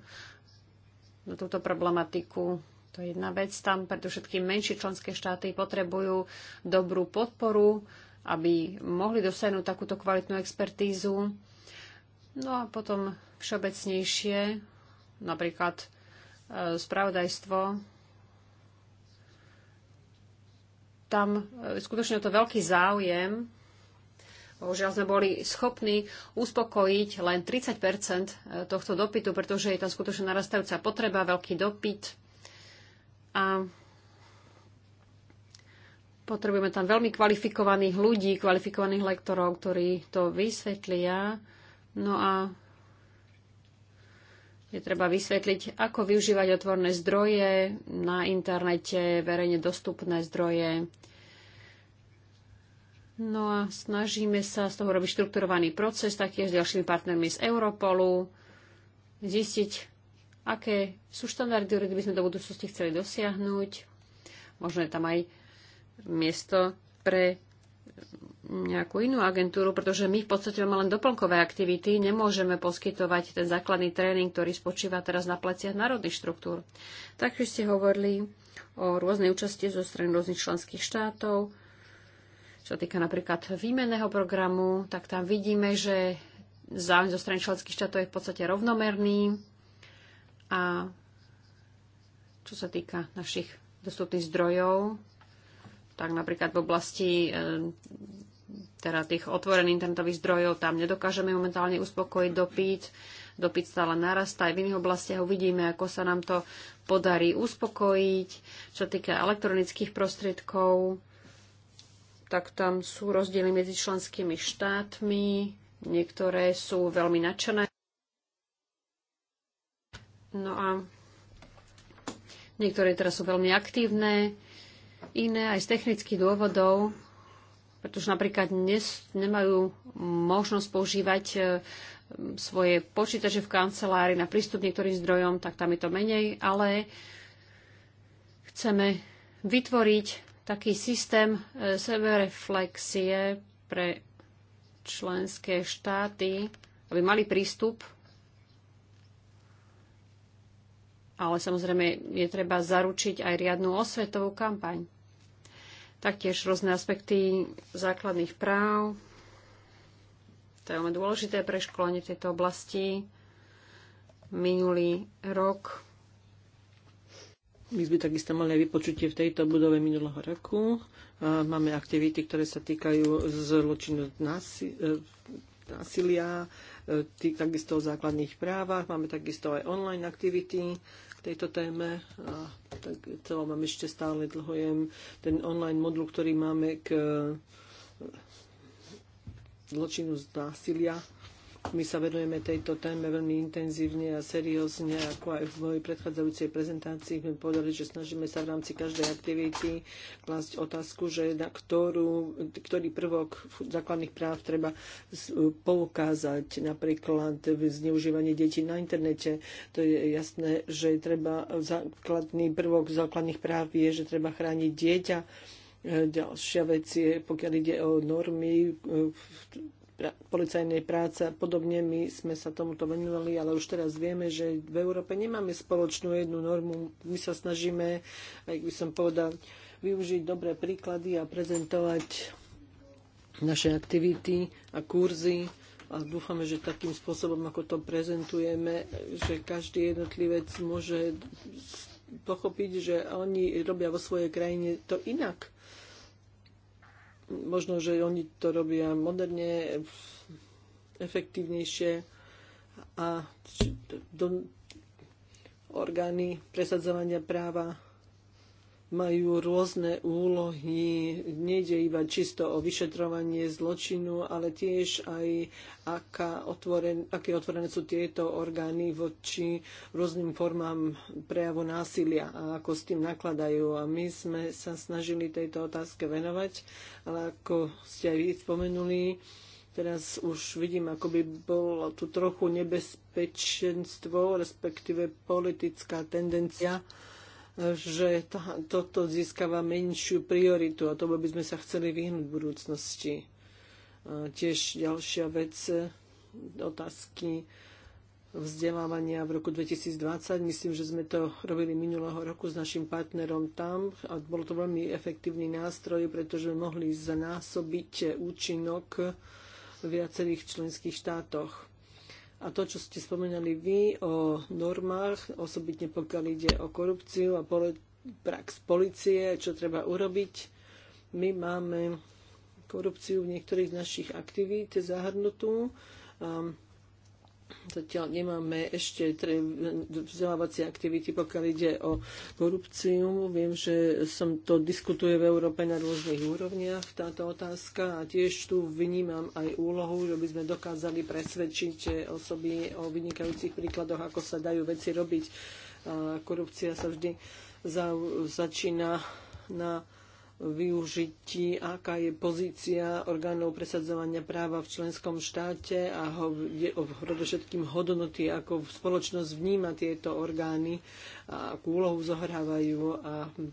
Speaker 3: na túto problematiku. To je jedna vec tam, pretože všetky menšie členské štáty potrebujú dobrú podporu, aby mohli dosiahnuť takúto kvalitnú expertízu. No a potom všeobecnejšie, napríklad e, spravodajstvo, tam e, skutočne o to veľký záujem Bohužiaľ sme boli schopní uspokojiť len 30 e, tohto dopytu, pretože je tam skutočne narastajúca potreba, veľký dopyt. A potrebujeme tam veľmi kvalifikovaných ľudí, kvalifikovaných lektorov, ktorí to vysvetlia. No a je treba vysvetliť, ako využívať otvorné zdroje na internete, verejne dostupné zdroje, No a snažíme sa z toho robiť štrukturovaný proces, taktiež s ďalšími partnermi z Europolu, zistiť, aké sú štandardy, ktoré by sme do budúcnosti chceli dosiahnuť. Možno je tam aj miesto pre nejakú inú agentúru, pretože my v podstate máme len doplnkové aktivity, nemôžeme poskytovať ten základný tréning, ktorý spočíva teraz na pleciach národných štruktúr. Takže ste hovorili o rôznej účasti zo strany rôznych členských štátov, čo týka napríklad výmenného programu, tak tam vidíme, že záujem zo strany členských štátov je v podstate rovnomerný a čo sa týka našich dostupných zdrojov, tak napríklad v oblasti e, teda tých otvorených internetových zdrojov tam nedokážeme momentálne uspokojiť dopyt. Dopyt stále narastá aj v iných oblastiach. Uvidíme, ako sa nám to podarí uspokojiť. Čo týka elektronických prostriedkov, tak tam sú rozdiely medzi členskými štátmi, niektoré sú veľmi nadšené. No a niektoré teraz sú veľmi aktívne, iné aj z technických dôvodov, pretože napríklad dnes nemajú možnosť používať e, svoje počítače v kancelárii na prístup niektorým zdrojom, tak tam je to menej, ale chceme vytvoriť taký systém e, sebereflexie pre členské štáty, aby mali prístup, ale samozrejme je treba zaručiť aj riadnu osvetovú kampaň. Taktiež rôzne aspekty základných práv, to je veľmi dôležité pre školenie v tejto oblasti. Minulý rok
Speaker 4: my sme takisto mali vypočutie v tejto budove minulého roku. Máme aktivity, ktoré sa týkajú zločinu e, násilia, e, tý, takisto o základných právach. Máme takisto aj online aktivity k tejto téme. A tak to mám ešte stále dlhojem. ten online modul, ktorý máme k e, zločinu z násilia my sa venujeme tejto téme veľmi intenzívne a seriózne, ako aj v mojej predchádzajúcej prezentácii sme povedali, že snažíme sa v rámci každej aktivity klásť otázku, že na ktorú, ktorý prvok základných práv treba poukázať, napríklad zneužívanie detí na internete. To je jasné, že treba základný prvok základných práv je, že treba chrániť dieťa. Ďalšia vec je, pokiaľ ide o normy, policajnej práce a podobne. My sme sa tomuto venovali, ale už teraz vieme, že v Európe nemáme spoločnú jednu normu. My sa snažíme, ak by som povedal, využiť dobré príklady a prezentovať naše aktivity a kurzy a dúfame, že takým spôsobom, ako to prezentujeme, že každý jednotlivec môže pochopiť, že oni robia vo svojej krajine to inak možno, že oni to robia moderne, efektívnejšie a orgány presadzovania práva majú rôzne úlohy. Nejde iba čisto o vyšetrovanie zločinu, ale tiež aj aká otvoren, aké otvorené sú tieto orgány voči rôznym formám prejavu násilia a ako s tým nakladajú. A my sme sa snažili tejto otázke venovať, ale ako ste aj vy spomenuli, teraz už vidím, ako by bolo tu trochu nebezpečenstvo, respektíve politická tendencia, že to, toto získava menšiu prioritu a tomu by sme sa chceli vyhnúť v budúcnosti. A e, tiež ďalšia vec, e, otázky vzdelávania v roku 2020. Myslím, že sme to robili minulého roku s našim partnerom tam a bol to veľmi efektívny nástroj, pretože mohli zanásobiť účinok v viacerých členských štátoch. A to, čo ste spomenali vy o normách, osobitne pokiaľ ide o korupciu a prax policie, čo treba urobiť, my máme korupciu v niektorých z našich aktivít zahrnutú. Um, Zatiaľ nemáme ešte vzdelávacie aktivity, pokiaľ ide o korupciu. Viem, že som to diskutuje v Európe na rôznych úrovniach, táto otázka. A tiež tu vnímam aj úlohu, že by sme dokázali presvedčiť osoby o vynikajúcich príkladoch, ako sa dajú veci robiť. A korupcia sa vždy za, začína na využití, aká je pozícia orgánov presadzovania práva v členskom štáte a ho, je o predovšetkým hodnoty, ako spoločnosť vníma tieto orgány a akú úlohu zohrávajú. A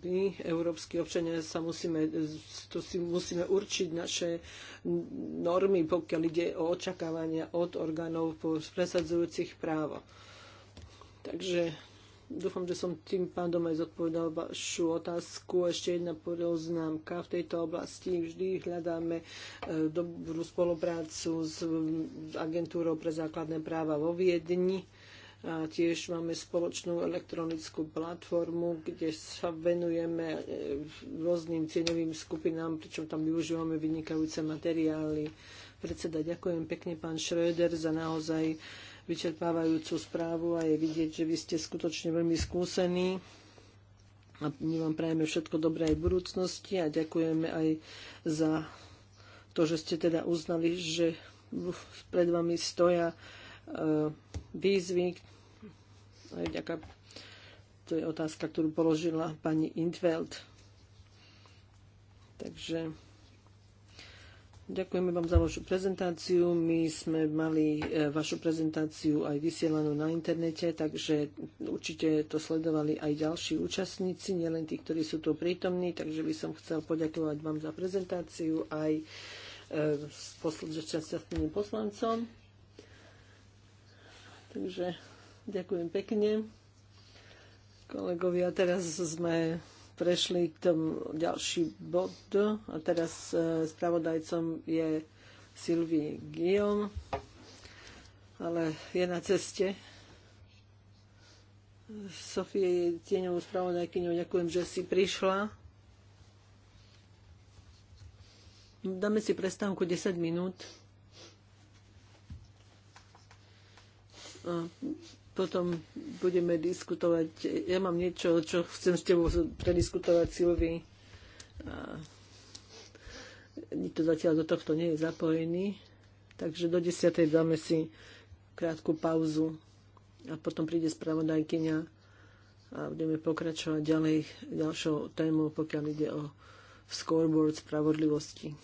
Speaker 4: my, európsky občania, sa musíme, to si musíme určiť naše normy, pokiaľ ide o očakávania od orgánov presadzujúcich právo. Takže Dúfam, že som tým pádom aj zodpovedal vašu otázku. Ešte jedna poznámka. V tejto oblasti vždy hľadáme e, dobrú spoluprácu s agentúrou pre základné práva vo Viedni. A tiež máme spoločnú elektronickú platformu, kde sa venujeme e, rôznym cieňovým skupinám, pričom tam využívame vynikajúce materiály. Predseda, ďakujem pekne pán Schröder za naozaj vyčerpávajúcu správu a je vidieť, že vy ste skutočne veľmi skúsení. A my vám prajeme všetko dobré aj v budúcnosti a ďakujeme aj za to, že ste teda uznali, že pred vami stoja e, výzvy. Aj vďaka, to je otázka, ktorú položila pani Intveld. Takže Ďakujeme vám za vašu prezentáciu. My sme mali e, vašu prezentáciu aj vysielanú na internete, takže určite to sledovali aj ďalší účastníci, nielen tí, ktorí sú tu prítomní, takže by som chcel poďakovať vám za prezentáciu aj e, s posledným poslancom. Takže ďakujem pekne. Kolegovia, teraz sme prešli k tomu ďalší bod. A teraz e, spravodajcom je Sylvie Gion, ale je na ceste. Sofie je tieňovou spravodajkyňou. Ďakujem, že si prišla. Dáme si prestávku 10 minút potom budeme diskutovať. Ja mám niečo, čo chcem s tebou prediskutovať, Silvi. A nikto zatiaľ do tohto nie je zapojený. Takže do 10. dáme si krátku pauzu a potom príde spravodajkyňa a budeme pokračovať ďalej ďalšou témou, pokiaľ ide o scoreboard spravodlivosti.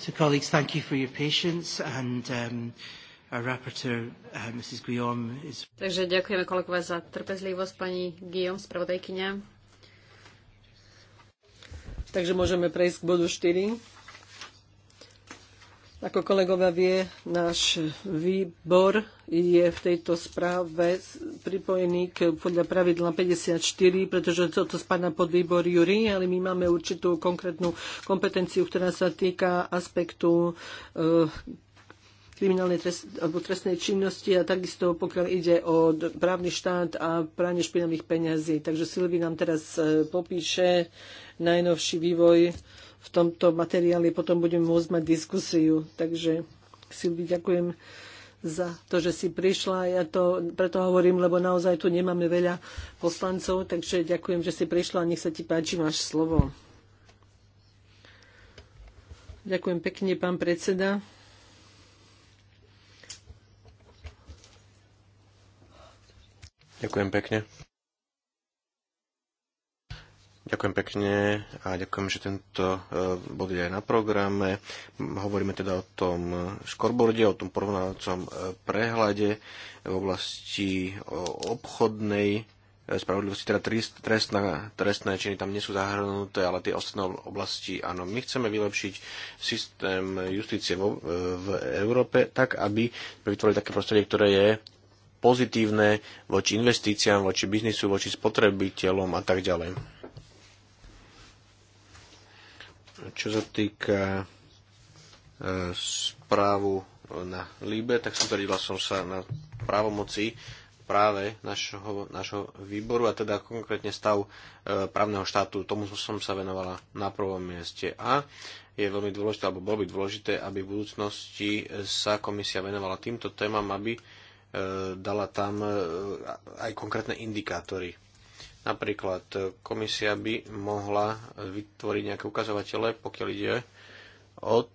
Speaker 1: So colleagues, thank you for your patience and um, our rapporteur, uh, Mrs. Guillaume is...
Speaker 3: Takže ďakujeme kolegové za trpezlivosť, pani Guillaume, spravodajkyňa.
Speaker 4: Takže môžeme prejsť k bodu 4. Ako kolegovia vie, náš výbor je v tejto správe pripojený k, podľa pravidla 54, pretože toto spadá pod výbor Jury, ale my máme určitú konkrétnu kompetenciu, ktorá sa týka aspektu e, kriminálnej trest, alebo trestnej činnosti a takisto pokiaľ ide o právny štát a pranie špinavých peňazí. Takže Silvi nám teraz eh, popíše najnovší vývoj v tomto materiáli potom budeme môcť mať diskusiu. Takže Silvi, ďakujem za to, že si prišla. Ja to preto hovorím, lebo naozaj tu nemáme veľa poslancov, takže ďakujem, že si prišla. a Nech sa ti páči, máš slovo. Ďakujem pekne, pán predseda.
Speaker 2: Ďakujem pekne. Ďakujem pekne a ďakujem, že tento e, bod je aj na programe. Hovoríme teda o tom škorborde, o tom porovnávacom e, prehľade v oblasti e, obchodnej spravodlivosti, teda trestná, trestné činy tam nie sú zahrnuté, ale tie ostatné oblasti áno. My chceme vylepšiť systém justície vo, v Európe tak, aby sme vytvorili také prostredie, ktoré je pozitívne voči investíciám, voči biznisu, voči spotrebiteľom a tak ďalej. Čo sa týka e, správu na Líbe, tak sústredila som sa na právomoci práve našho, našho výboru a teda konkrétne stav e, právneho štátu. Tomu som sa venovala na prvom mieste. A je veľmi dôležité, alebo bolo by dôležité, aby v budúcnosti sa komisia venovala týmto témam, aby e, dala tam e, aj konkrétne indikátory Napríklad e, komisia by mohla vytvoriť nejaké ukazovatele, pokiaľ ide o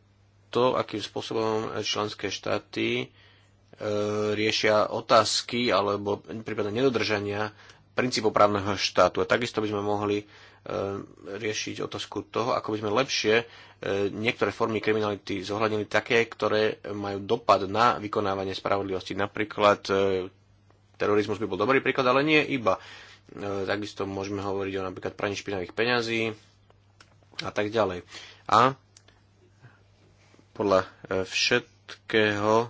Speaker 2: to, akým spôsobom členské štáty e, riešia otázky alebo prípadne nedodržania princípov právneho štátu. A takisto by sme mohli e, riešiť otázku toho, ako by sme lepšie niektoré formy kriminality zohľadnili také, ktoré majú dopad na vykonávanie spravodlivosti. Napríklad terorizmus by bol dobrý príklad, ale nie iba. E, takisto môžeme hovoriť o napríklad praní špinavých peňazí a tak ďalej. A podľa e, všetkého e,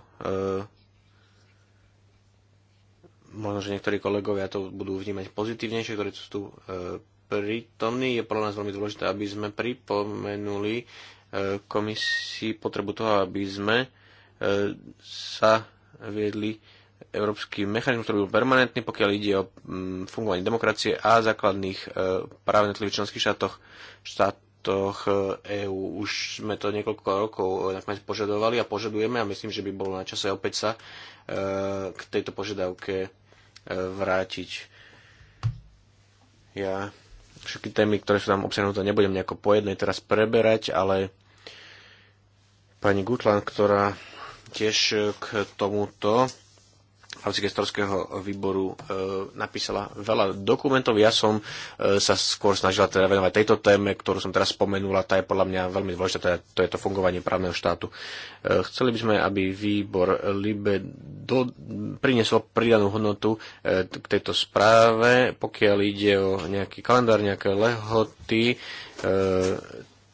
Speaker 2: možno, že niektorí kolegovia to budú vnímať pozitívnejšie, ktorí sú tu prítomní. Je podľa nás veľmi dôležité, aby sme pripomenuli komisii potrebu toho, aby sme sa viedli európsky mechanizmus, ktorý bol permanentný, pokiaľ ide o mm, fungovanie demokracie a základných e, práv v členských štátoch, štátoch EÚ. E Už sme to niekoľko rokov e, nakoniec požadovali a požadujeme a myslím, že by bolo na čase opäť sa k tejto požiadavke vrátiť. Ja všetky témy, ktoré sú tam obsahnuté, nebudem nejako po jednej teraz preberať, ale pani Gutland, ktorá tiež k tomuto rámci gestorského výboru e, napísala veľa dokumentov. Ja som e, sa skôr snažila teda venovať tejto téme, ktorú som teraz spomenula. Tá je podľa mňa veľmi dôležitá, teda to je to fungovanie právneho štátu. E, chceli by sme, aby výbor LIBE do, priniesol pridanú hodnotu k tejto správe, pokiaľ ide o nejaký kalendár, nejaké lehoty,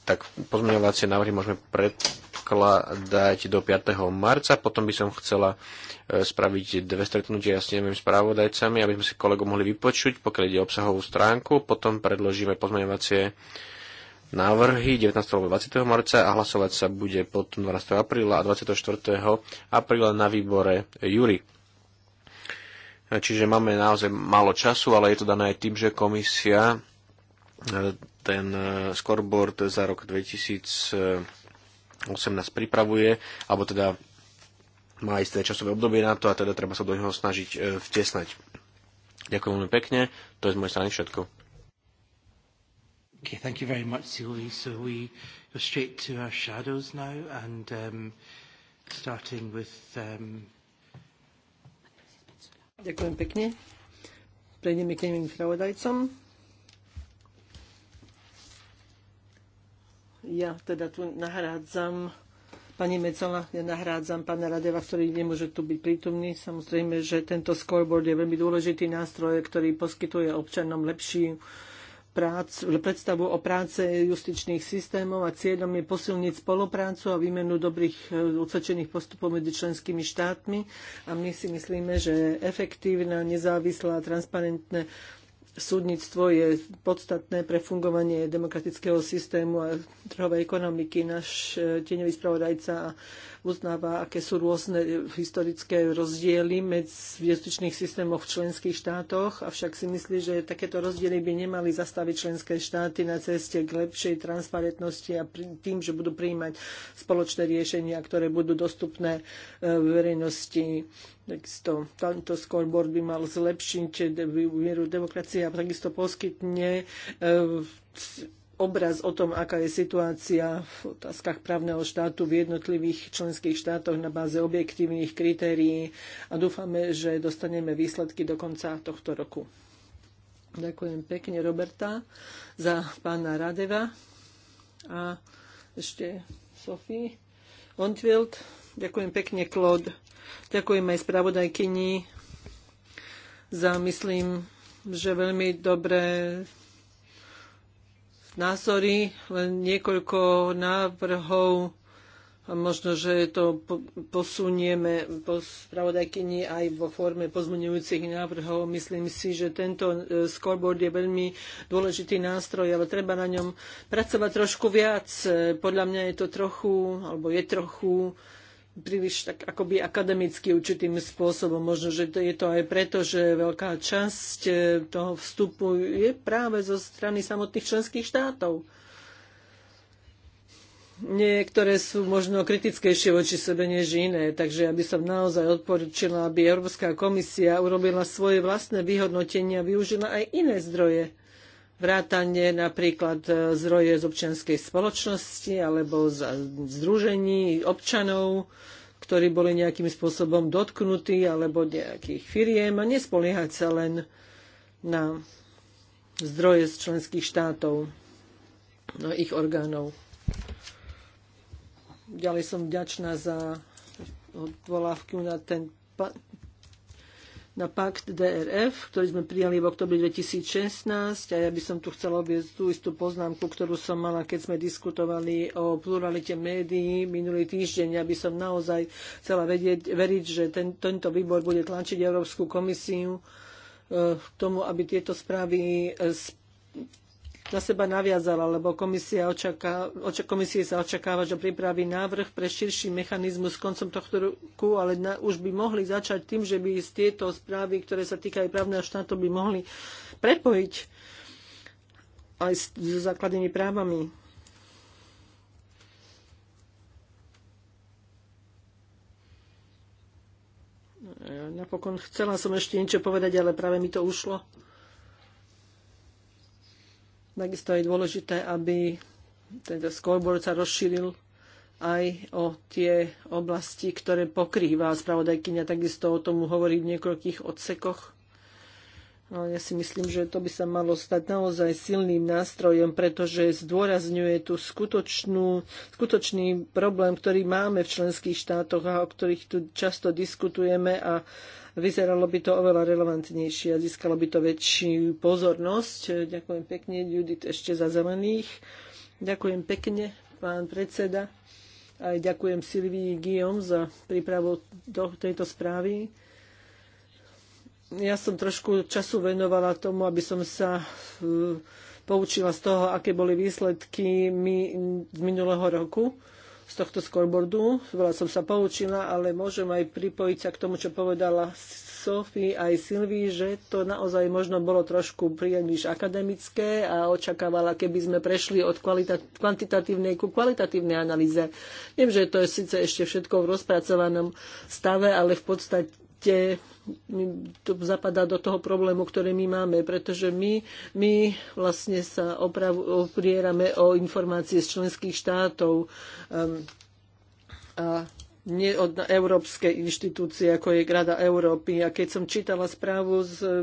Speaker 2: tak pozmeňovacie návrhy môžeme pred predkladať do 5. marca. Potom by som chcela e, spraviť dve stretnutia s neviem správodajcami, aby sme si kolegov mohli vypočuť, pokiaľ ide obsahovú stránku. Potom predložíme pozmeňovacie návrhy 19. alebo 20. marca a hlasovať sa bude potom 12. apríla a 24. apríla na výbore Jury. Čiže máme naozaj málo času, ale je to dané aj tým, že komisia e, ten e, scoreboard za rok 2000 18 pripravuje, alebo teda má isté časové obdobie na to a teda treba sa do neho snažiť e, vtesnať. Ďakujem veľmi pekne, to je z mojej strany všetko.
Speaker 1: Okay, thank you very much, Sylvie. So we go straight to our shadows now, and um, starting with... Um...
Speaker 4: Ďakujem pekne. Prejdeme k nevým spravodajcom. Ja teda tu nahrádzam pani Mecola, ja nahrádzam pána Radeva, ktorý nemôže tu byť prítomný. Samozrejme, že tento scoreboard je veľmi dôležitý nástroj, ktorý poskytuje občanom lepší prác, predstavu o práce justičných systémov a cieľom je posilniť spoluprácu a výmenu dobrých usvedčených e, postupov medzi členskými štátmi a my si myslíme, že efektívna, nezávislá, transparentné súdnictvo je podstatné pre fungovanie demokratického systému a trhovej ekonomiky. Náš eh, tieňový spravodajca a uznáva, aké sú rôzne historické rozdiely medzi justičných systémoch v členských štátoch, avšak si myslí, že takéto rozdiely by nemali zastaviť členské štáty na ceste k lepšej transparentnosti a tým, že budú prijímať spoločné riešenia, ktoré budú dostupné e, verejnosti. Takisto tento scoreboard by mal zlepšiť mieru demokracie a takisto poskytne e, obraz o tom, aká je situácia v otázkach právneho štátu v jednotlivých členských štátoch na báze objektívnych kritérií a dúfame, že dostaneme výsledky do konca tohto roku. Ďakujem pekne Roberta za pána Radeva a ešte Sophie Ontvield. Ďakujem pekne Claude. Ďakujem aj spravodajkyni za, myslím, že veľmi dobré názory, len niekoľko návrhov a možno, že to posunieme po spravodajkyni aj vo forme pozmenujúcich návrhov. Myslím si, že tento e, scoreboard je veľmi dôležitý nástroj, ale treba na ňom pracovať trošku viac. E, podľa mňa je to trochu, alebo je trochu príliš tak akoby akademicky určitým spôsobom. Možno, že to je to aj preto, že veľká časť eh, toho vstupu je práve zo strany samotných členských štátov. Niektoré sú možno kritickejšie voči sebe než iné, takže ja by som naozaj odporučila, aby Európska komisia urobila svoje vlastné vyhodnotenia a využila aj iné zdroje vrátane napríklad e, zdroje z občianskej spoločnosti alebo z e, združení občanov, ktorí boli nejakým spôsobom dotknutí alebo nejakých firiem a nespoliehať sa len na zdroje z členských štátov, no, ich orgánov. Ďalej som vďačná za odvolávku na ten na pakt DRF, ktorý sme prijali v oktobri 2016 a ja by som tu chcela obviezť tú istú poznámku, ktorú som mala, keď sme diskutovali o pluralite médií minulý týždeň. Ja by som naozaj chcela vedieť, veriť, že ten, tento výbor bude tlačiť Európsku komisiu eh, k tomu, aby tieto správy na seba naviazala, lebo komisia očaká, oča, komisie sa očakáva, že pripraví návrh pre širší mechanizmus koncom tohto roku, ale na, už by mohli začať tým, že by tieto správy, ktoré sa týkajú právneho štátu, by mohli prepojiť aj s, so základnými právami. Napokon chcela som ešte niečo povedať, ale práve mi to ušlo. Takisto je dôležité, aby tento scoreboard sa rozšíril aj o tie oblasti, ktoré pokrýva spravodajkyňa. Takisto o tom hovorí v niekoľkých odsekoch. No ja si myslím, že to by sa malo stať naozaj silným nástrojom, pretože zdôrazňuje tu skutočnú, skutočný problém, ktorý máme v členských štátoch a o ktorých tu často diskutujeme a vyzeralo by to oveľa relevantnejšie a získalo by to väčšiu pozornosť. Ďakujem pekne, Judith, ešte za zelených. Ďakujem pekne, pán predseda. Aj ďakujem Silvii Guillaume za prípravu do tejto správy ja som trošku času venovala tomu, aby som sa e, poučila z toho, aké boli výsledky mi, z minulého roku, z tohto scoreboardu. Veľa som sa poučila, ale môžem aj pripojiť sa k tomu, čo povedala Sophie aj Sylvie, že to naozaj možno bolo trošku príliš akademické a očakávala, keby sme prešli od kvantitatívnej ku kvalitatívnej analýze. Viem, že to je síce ešte všetko v rozpracovanom stave, ale v podstate to zapadá do toho problému, ktorý my máme, pretože my, my vlastne sa oprav, oprierame o informácie z členských štátov um, a nie od európskej inštitúcie, ako je Rada Európy. A keď som čítala správu z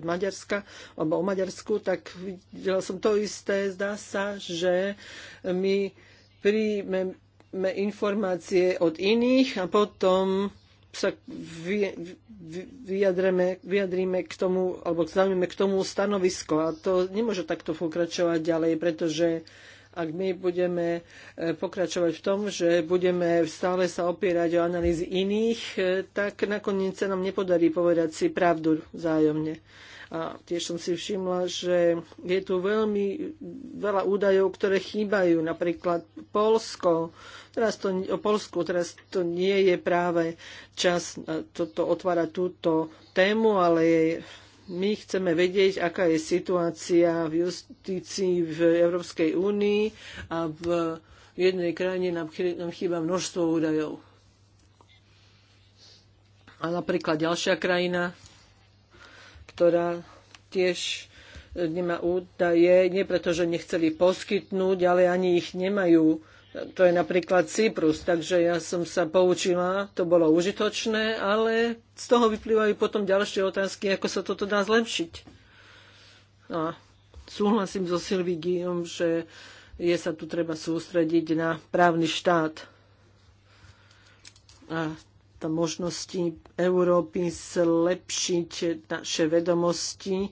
Speaker 4: Maďarska, alebo o Maďarsku, tak videla som to isté. Zdá sa, že my príjmeme informácie od iných a potom sa vyjadreme, vyjadríme k tomu, alebo zaujíme k tomu stanovisko. A to nemôže takto pokračovať ďalej, pretože ak my budeme e, pokračovať v tom, že budeme stále sa opierať o analýzy iných, e, tak nakoniec sa nám nepodarí povedať si pravdu vzájomne. A tiež som si všimla, že je tu veľmi veľa údajov, ktoré chýbajú. Napríklad Polsko. Teraz to, o Polsku teraz to nie je práve čas toto otvárať túto tému, ale je my chceme vedieť, aká je situácia v justícii v Európskej únii a v jednej krajine nám chýba množstvo údajov. A napríklad ďalšia krajina, ktorá tiež nemá údaje, nie preto, že nechceli poskytnúť, ale ani ich nemajú. To je napríklad Cyprus, takže ja som sa poučila, to bolo užitočné, ale z toho vyplývajú potom ďalšie otázky, ako sa toto dá zlepšiť. A súhlasím so Silvigiom, že je sa tu treba sústrediť na právny štát. A možnosti Európy zlepšiť naše vedomosti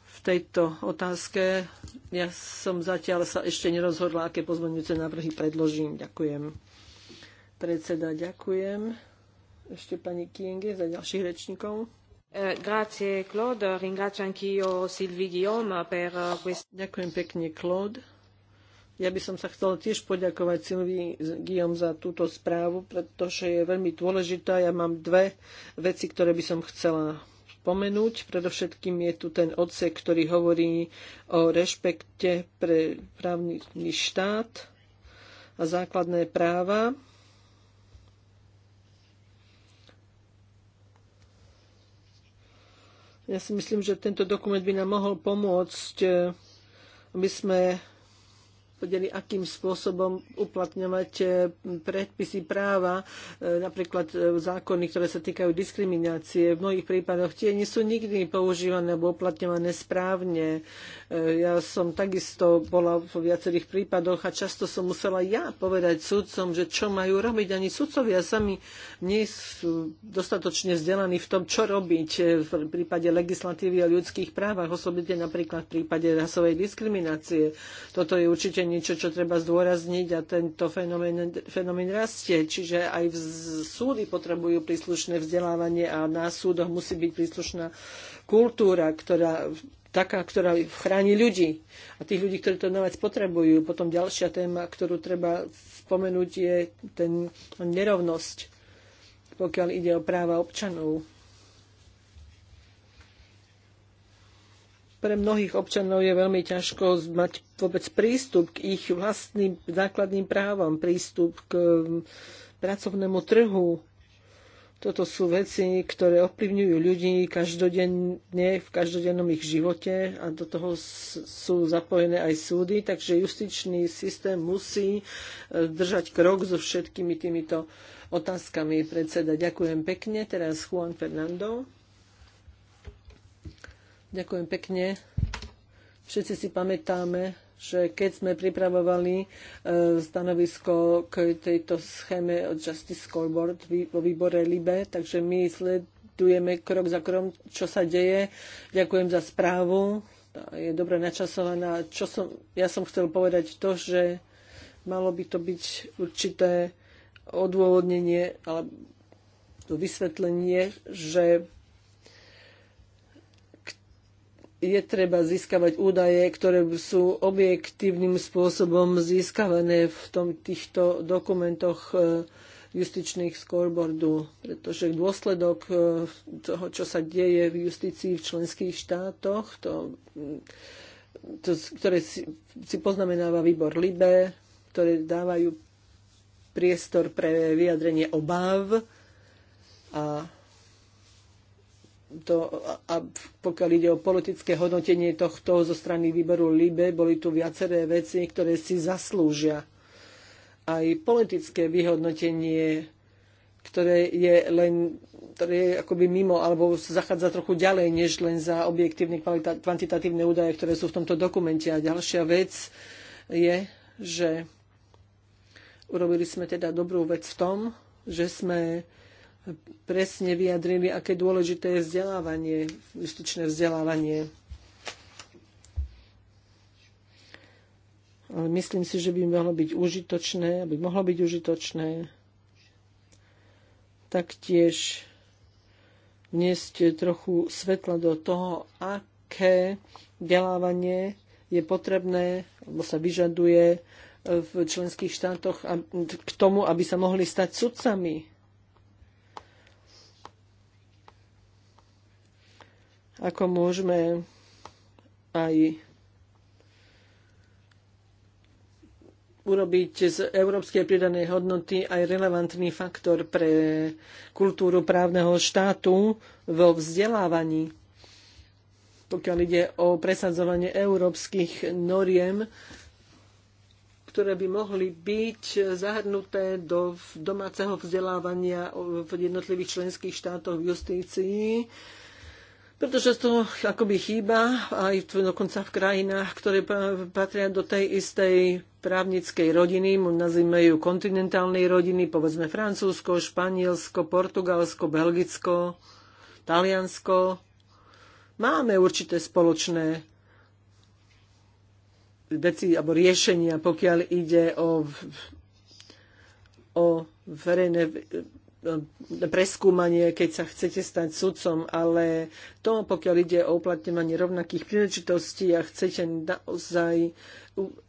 Speaker 4: v tejto otázke. Ja som zatiaľ sa ešte nerozhodla, aké pozvoňujúce návrhy predložím. Ďakujem. Predseda, ďakujem. Ešte pani Kienge za ďalších rečníkov. Eh, grazie Claude, ringrazio anch'io Sylvie Guillaume per eh, questo. Ďakujem pekne Claude ja by som sa chcel tiež poďakovať Silvi Guillaume za túto správu, pretože je veľmi dôležitá. Ja mám dve veci, ktoré by som chcela spomenúť. Predovšetkým je tu ten odsek, ktorý hovorí o rešpekte pre právny štát a základné práva. Ja si myslím, že tento dokument by nám mohol pomôcť, eh, aby sme vedeli, akým spôsobom uplatňovať eh, predpisy práva, eh, napríklad eh, zákony, ktoré sa týkajú diskriminácie. V mnohých prípadoch tie nie sú nikdy používané alebo uplatňované správne. Ja som takisto bola vo viacerých prípadoch a často som musela ja povedať sudcom, že čo majú robiť. Ani sudcovia sami nie sú dostatočne vzdelaní v tom, čo robiť v prípade legislatívy o ľudských právach, osobite napríklad v prípade rasovej diskriminácie. Toto je určite niečo, čo treba zdôrazniť a tento fenomén, fenomén rastie. Čiže aj v súdy potrebujú príslušné vzdelávanie a na súdoch musí byť príslušná kultúra, ktorá taká, ktorá chráni ľudí a tých ľudí, ktorí to najviac potrebujú. Potom ďalšia téma, ktorú treba spomenúť, je ten nerovnosť, pokiaľ ide o práva občanov pre mnohých občanov je veľmi ťažko mať vôbec prístup k ich vlastným základným právam, prístup k um, pracovnému trhu. Toto sú veci, ktoré ovplyvňujú ľudí každodenne, v každodennom ich živote a do toho sú zapojené aj súdy, takže justičný systém musí e, držať krok so všetkými týmito otázkami predseda. Ďakujem pekne. Teraz Juan Fernando. Ďakujem pekne. Všetci si pamätáme, že keď sme pripravovali e, stanovisko k tejto schéme od Justice Scoreboard vo výbore LIBE, takže my sledujeme krok za krom, čo sa deje. Ďakujem za správu. Je dobre načasovaná. Čo som, ja som chcel povedať to, že malo by to byť určité odôvodnenie alebo vysvetlenie, že je treba získavať údaje, ktoré sú objektívnym spôsobom získavané v tom, týchto dokumentoch e, justičných scoreboardu, pretože dôsledok e, toho, čo sa deje v justícii v členských štátoch, to, to ktoré si, si poznamenáva výbor LIBE, ktoré dávajú priestor pre vyjadrenie obáv a to, a pokiaľ ide o politické hodnotenie tohto zo strany výberu LIBE, boli tu viaceré veci, ktoré si zaslúžia aj politické vyhodnotenie, ktoré je len ktoré je akoby mimo alebo zachádza trochu ďalej, než len za objektívne kvantitatívne údaje, ktoré sú v tomto dokumente. A ďalšia vec je, že urobili sme teda dobrú vec v tom, že sme presne vyjadrili, aké dôležité je vzdelávanie, justičné vzdelávanie. Ale myslím si, že by mohlo byť užitočné, aby mohlo byť užitočné taktiež vniesť trochu svetla do toho, aké vzdelávanie je potrebné, alebo sa vyžaduje v členských štátoch k tomu, aby sa mohli stať sudcami ako môžeme aj urobiť z európskej pridanej hodnoty aj relevantný faktor pre kultúru právneho štátu vo vzdelávaní. Pokiaľ ide o presadzovanie európskych noriem, ktoré by mohli byť zahrnuté do domáceho vzdelávania v jednotlivých členských štátoch v justícii, pretože to akoby chýba aj v, dokonca v krajinách, ktoré patria do tej istej právnickej rodiny, nazvime ju kontinentálnej rodiny, povedzme Francúzsko, Španielsko, Portugalsko, Belgicko, Taliansko. Máme určité spoločné veci alebo riešenia, pokiaľ ide o, o verejné E, preskúmanie, keď sa chcete stať sudcom, ale to, pokiaľ ide o uplatňovanie rovnakých príležitostí a chcete naozaj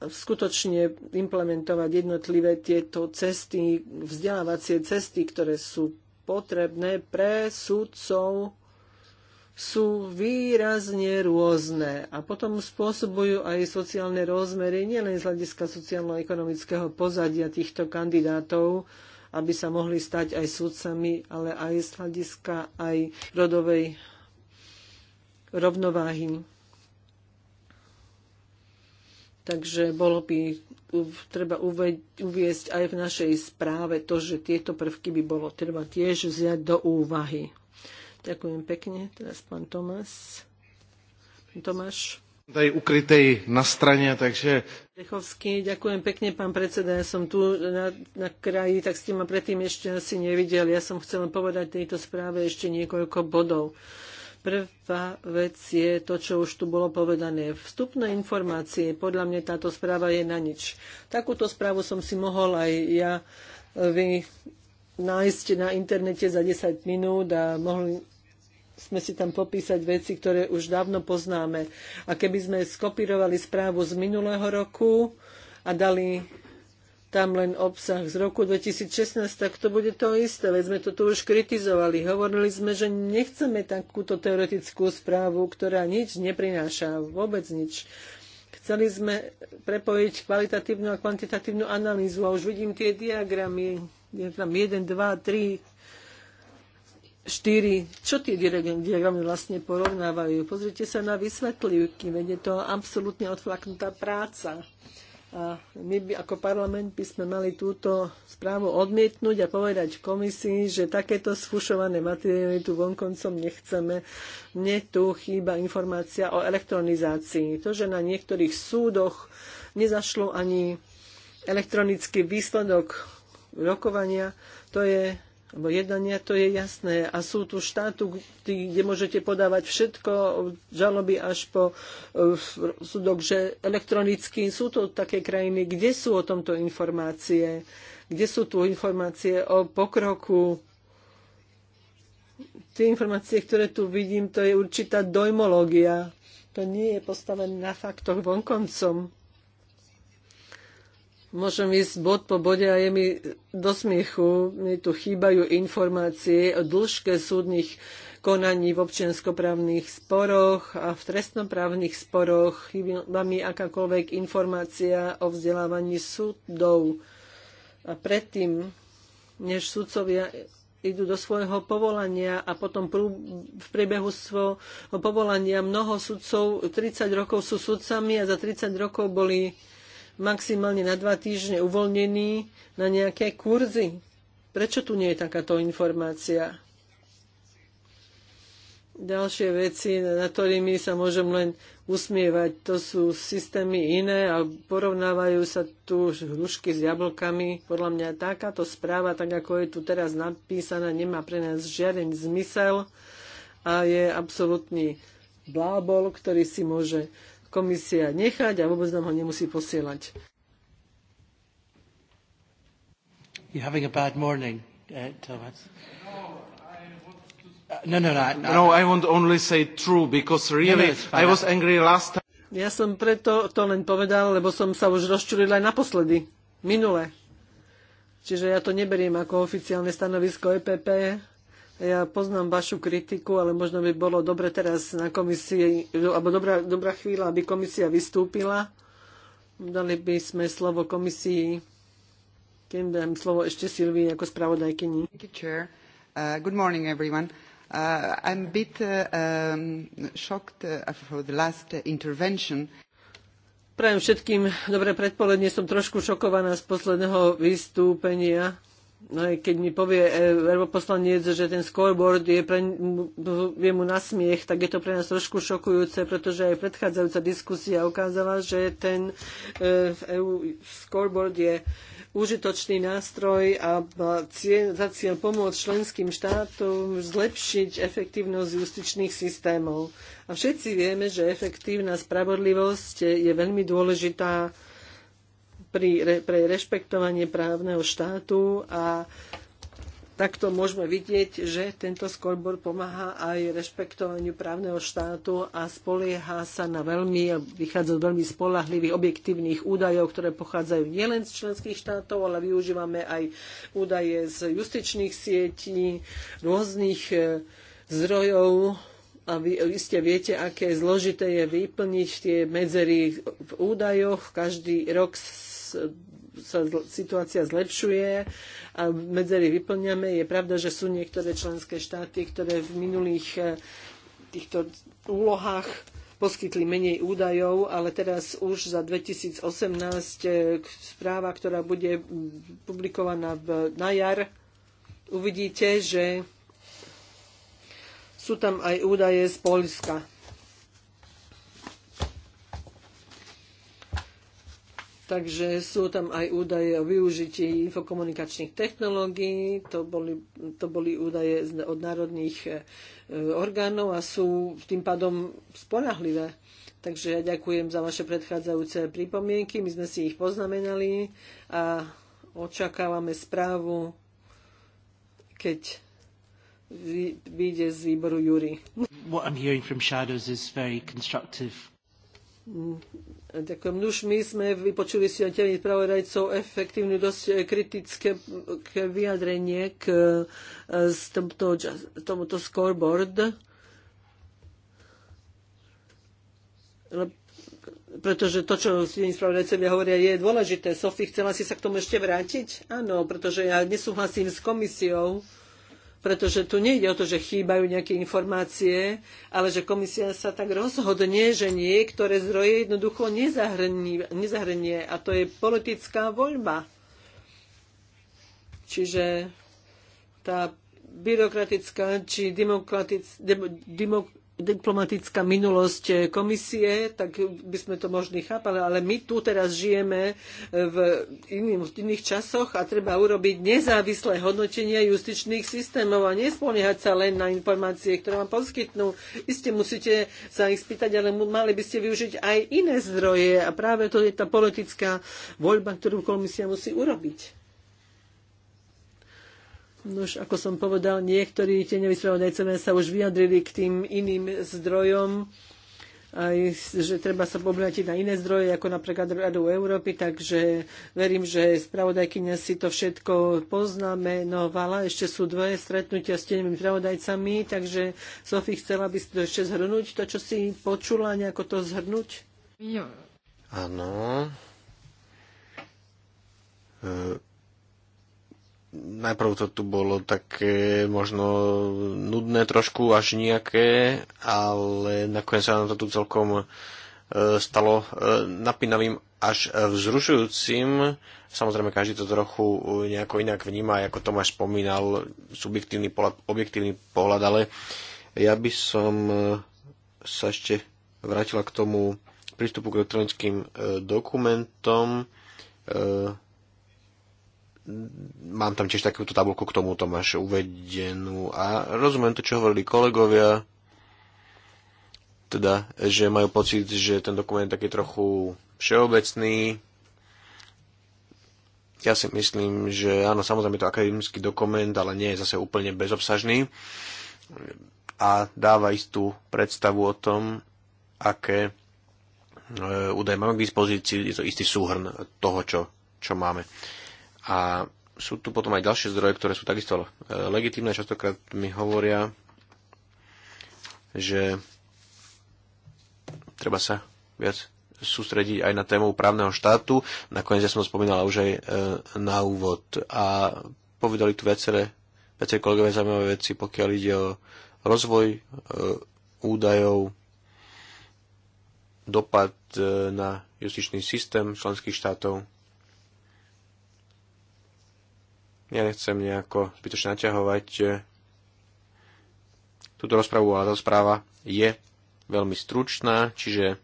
Speaker 4: skutočne implementovať jednotlivé tieto cesty, vzdelávacie cesty, ktoré sú potrebné pre sudcov, sú výrazne rôzne a potom spôsobujú aj sociálne rozmery, nielen z hľadiska sociálno-ekonomického pozadia týchto kandidátov, aby sa mohli stať aj sudcami, ale aj z hľadiska aj rodovej rovnováhy. Takže bolo by treba uviesť aj v našej správe to, že tieto prvky by bolo treba tiež vziať do úvahy. Ďakujem pekne. Teraz pán Tomás. Pán Tomáš.
Speaker 2: Tady ukrytej na strane, takže...
Speaker 4: Dechovský, ďakujem pekne, pán predseda. Ja som tu na, na kraji, tak ste ma predtým ešte asi nevidel. Ja som chcel povedať tejto správe ešte niekoľko bodov. Prvá vec je to, čo už tu bolo povedané. Vstupné informácie, podľa mňa táto správa je na nič. Takúto správu som si mohol aj ja eh, vy nájsť na internete za 10 minút a mohli sme si tam popísať veci, ktoré už dávno poznáme. A keby sme skopírovali správu z minulého roku a dali tam len obsah z roku 2016, tak to bude to isté. Veď sme to tu už kritizovali. Hovorili sme, že nechceme takúto teoretickú správu, ktorá nič neprináša, vôbec nič. Chceli sme prepojiť kvalitatívnu a kvantitatívnu analýzu a už vidím tie diagramy. Je tam 1, 2, 3, 4. Čo tie diagramy vlastne porovnávajú? Pozrite sa na vysvetlivky, veď je to absolútne odflaknutá práca. A my by ako parlament by sme mali túto správu odmietnúť a povedať komisii, že takéto sfušované materiály tu vonkoncom nechceme. Mne tu chýba informácia o elektronizácii. To, že na niektorých súdoch nezašlo ani elektronický výsledok rokovania, to je lebo jednania to je jasné. A sú tu štátu, kde môžete podávať všetko, žaloby až po e, súdok, že elektronicky sú to také krajiny, kde sú o tomto informácie, kde sú tu informácie o pokroku. Tie informácie, ktoré tu vidím, to je určitá dojmológia. To nie je postavené na faktoch vonkoncom. Môžem ísť bod po bode a je mi do smiechu. Mi tu chýbajú informácie o dĺžke súdnych konaní v občianskoprávnych sporoch a v trestnoprávnych sporoch. Chýba mi akákoľvek informácia o vzdelávaní súdov. A predtým, než súdcovia idú do svojho povolania a potom v priebehu svojho povolania mnoho sudcov 30 rokov sú sudcami a za 30 rokov boli maximálne na dva týždne uvoľnení na nejaké kurzy. Prečo tu nie je takáto informácia? Ďalšie veci, na ktorými sa môžem len usmievať, to sú systémy iné a porovnávajú sa tu hrušky s jablkami. Podľa mňa takáto správa, tak ako je tu teraz napísaná, nemá pre nás žiaden zmysel a je absolútny blábol, ktorý si môže komisia nechať a vôbec nám ho nemusí posielať.
Speaker 1: You're having a bad morning, uh, Thomas. No, no, no, no. no, I no, only say true, because really, no, no, I was angry last time.
Speaker 4: Ja som preto to len povedal, lebo som sa už rozčulil aj naposledy, minule. Čiže ja to neberiem ako oficiálne stanovisko EPP, ja poznám vašu kritiku, ale možno by bolo dobre teraz na komisii, alebo dobrá, dobrá chvíľa, aby komisia vystúpila. Dali by sme slovo komisii. Kým dám slovo ešte Silvii ako spravodajkyni. Uh, good morning, everyone. Uh, I'm a bit uh, um, shocked uh, for the last uh, intervention. Prajem všetkým dobré predpoledne. Som trošku šokovaná z posledného vystúpenia No keď mi povie e, europoslanec, že ten scoreboard je, pre, je mu nasmiech, tak je to pre nás trošku šokujúce, pretože aj predchádzajúca diskusia ukázala, že ten EU e scoreboard je užitočný nástroj a cieľ, za cieľ pomôcť členským štátom zlepšiť efektívnosť justičných systémov. A všetci vieme, že efektívna spravodlivosť je veľmi dôležitá pri, pre rešpektovanie právneho štátu a takto môžeme vidieť, že tento skorbor pomáha aj rešpektovaniu právneho štátu a spolieha sa na veľmi, vychádza z veľmi spolahlivých objektívnych údajov, ktoré pochádzajú nielen z členských štátov, ale využívame aj údaje z justičných sietí, rôznych e, zdrojov a vy ste viete, aké zložité je vyplniť tie medzery v údajoch. Každý rok sa situácia zlepšuje a medzery vyplňame. Je pravda, že sú niektoré členské štáty, ktoré v minulých e, týchto úlohách poskytli menej údajov, ale teraz už za 2018 e, správa, ktorá bude publikovaná na jar, uvidíte, že sú tam aj údaje z Polska Takže sú tam aj údaje o využití infokomunikačných technológií, to boli, to boli údaje od národných e, orgánov a sú tým pádom spolahlivé. Takže ja ďakujem za vaše predchádzajúce pripomienky, my sme si ich poznamenali a očakávame správu, keď vyjde z výboru Júri.
Speaker 1: What I'm hearing from Shadows is very constructive
Speaker 4: Ďakujem. No už my sme vypočuli si od telných pravodajcov efektívne dosť eh, kritické k eh, vyjadrenie k eh, z tomto, tomuto scoreboard. Pretože to, čo iní spravodajcovia hovoria, je dôležité. Sofie, chcela si sa k tomu ešte vrátiť? Áno, pretože ja nesúhlasím s komisiou pretože tu nejde o to, že chýbajú nejaké informácie, ale že komisia sa tak rozhodne, že niektoré zdroje jednoducho nezahrnie, nezahrnie a to je politická voľba. Čiže tá byrokratická či demokratická, diplomatická minulosť eh, komisie, tak by sme to možno chápali, ale my tu teraz žijeme v iných, iných časoch a treba urobiť nezávislé hodnotenie justičných systémov a nespoliehať sa len na informácie, ktoré vám poskytnú. Iste musíte sa ich spýtať, ale mali by ste využiť aj iné zdroje a práve to je tá politická voľba, ktorú komisia musí urobiť. Nož, ako som povedal, niektorí tie nevyspravodajcovia sa už vyjadrili k tým iným zdrojom, aj, že treba sa obrátiť na iné zdroje, ako napríklad Radu Európy, takže verím, že spravodajkyňa si to všetko poznamenovala. Ešte sú dve stretnutia s tenými spravodajcami, takže Sofie, chcela by si to ešte zhrnúť, to, čo si počula, nejako to zhrnúť?
Speaker 2: Áno. E, najprv to tu bolo také možno nudné trošku až nejaké, ale nakoniec sa nám to tu celkom e, stalo e, napínavým až vzrušujúcim. Samozrejme, každý to trochu e, nejako inak vníma, ako Tomáš spomínal, subjektívny pohľad, objektívny pohľad, ale ja by som sa ešte vrátila k tomu prístupu k elektronickým dokumentom mám tam tiež takúto tabulku k tomu Tomáš, uvedenú a rozumiem to, čo hovorili kolegovia, teda, že majú pocit, že ten dokument je taký trochu všeobecný. Ja si myslím, že áno, samozrejme je to akademický dokument, ale nie je zase úplne bezobsažný a dáva istú predstavu o tom, aké e, údaje máme k dispozícii, je to istý súhrn toho, čo, čo máme. Uh, a sú tu potom aj ďalšie zdroje, ktoré sú takisto e, legitimné. Častokrát mi hovoria, že treba sa viac sústrediť aj na tému právneho štátu. Nakoniec ja som to už aj e, na úvod. A povedali tu viaceré, viaceré kolegové zaujímavé veci, pokiaľ ide o rozvoj e, údajov, dopad na justičný systém členských štátov Ja nechcem nejako zbytočne naťahovať túto rozpravu, ale tá správa je veľmi stručná, čiže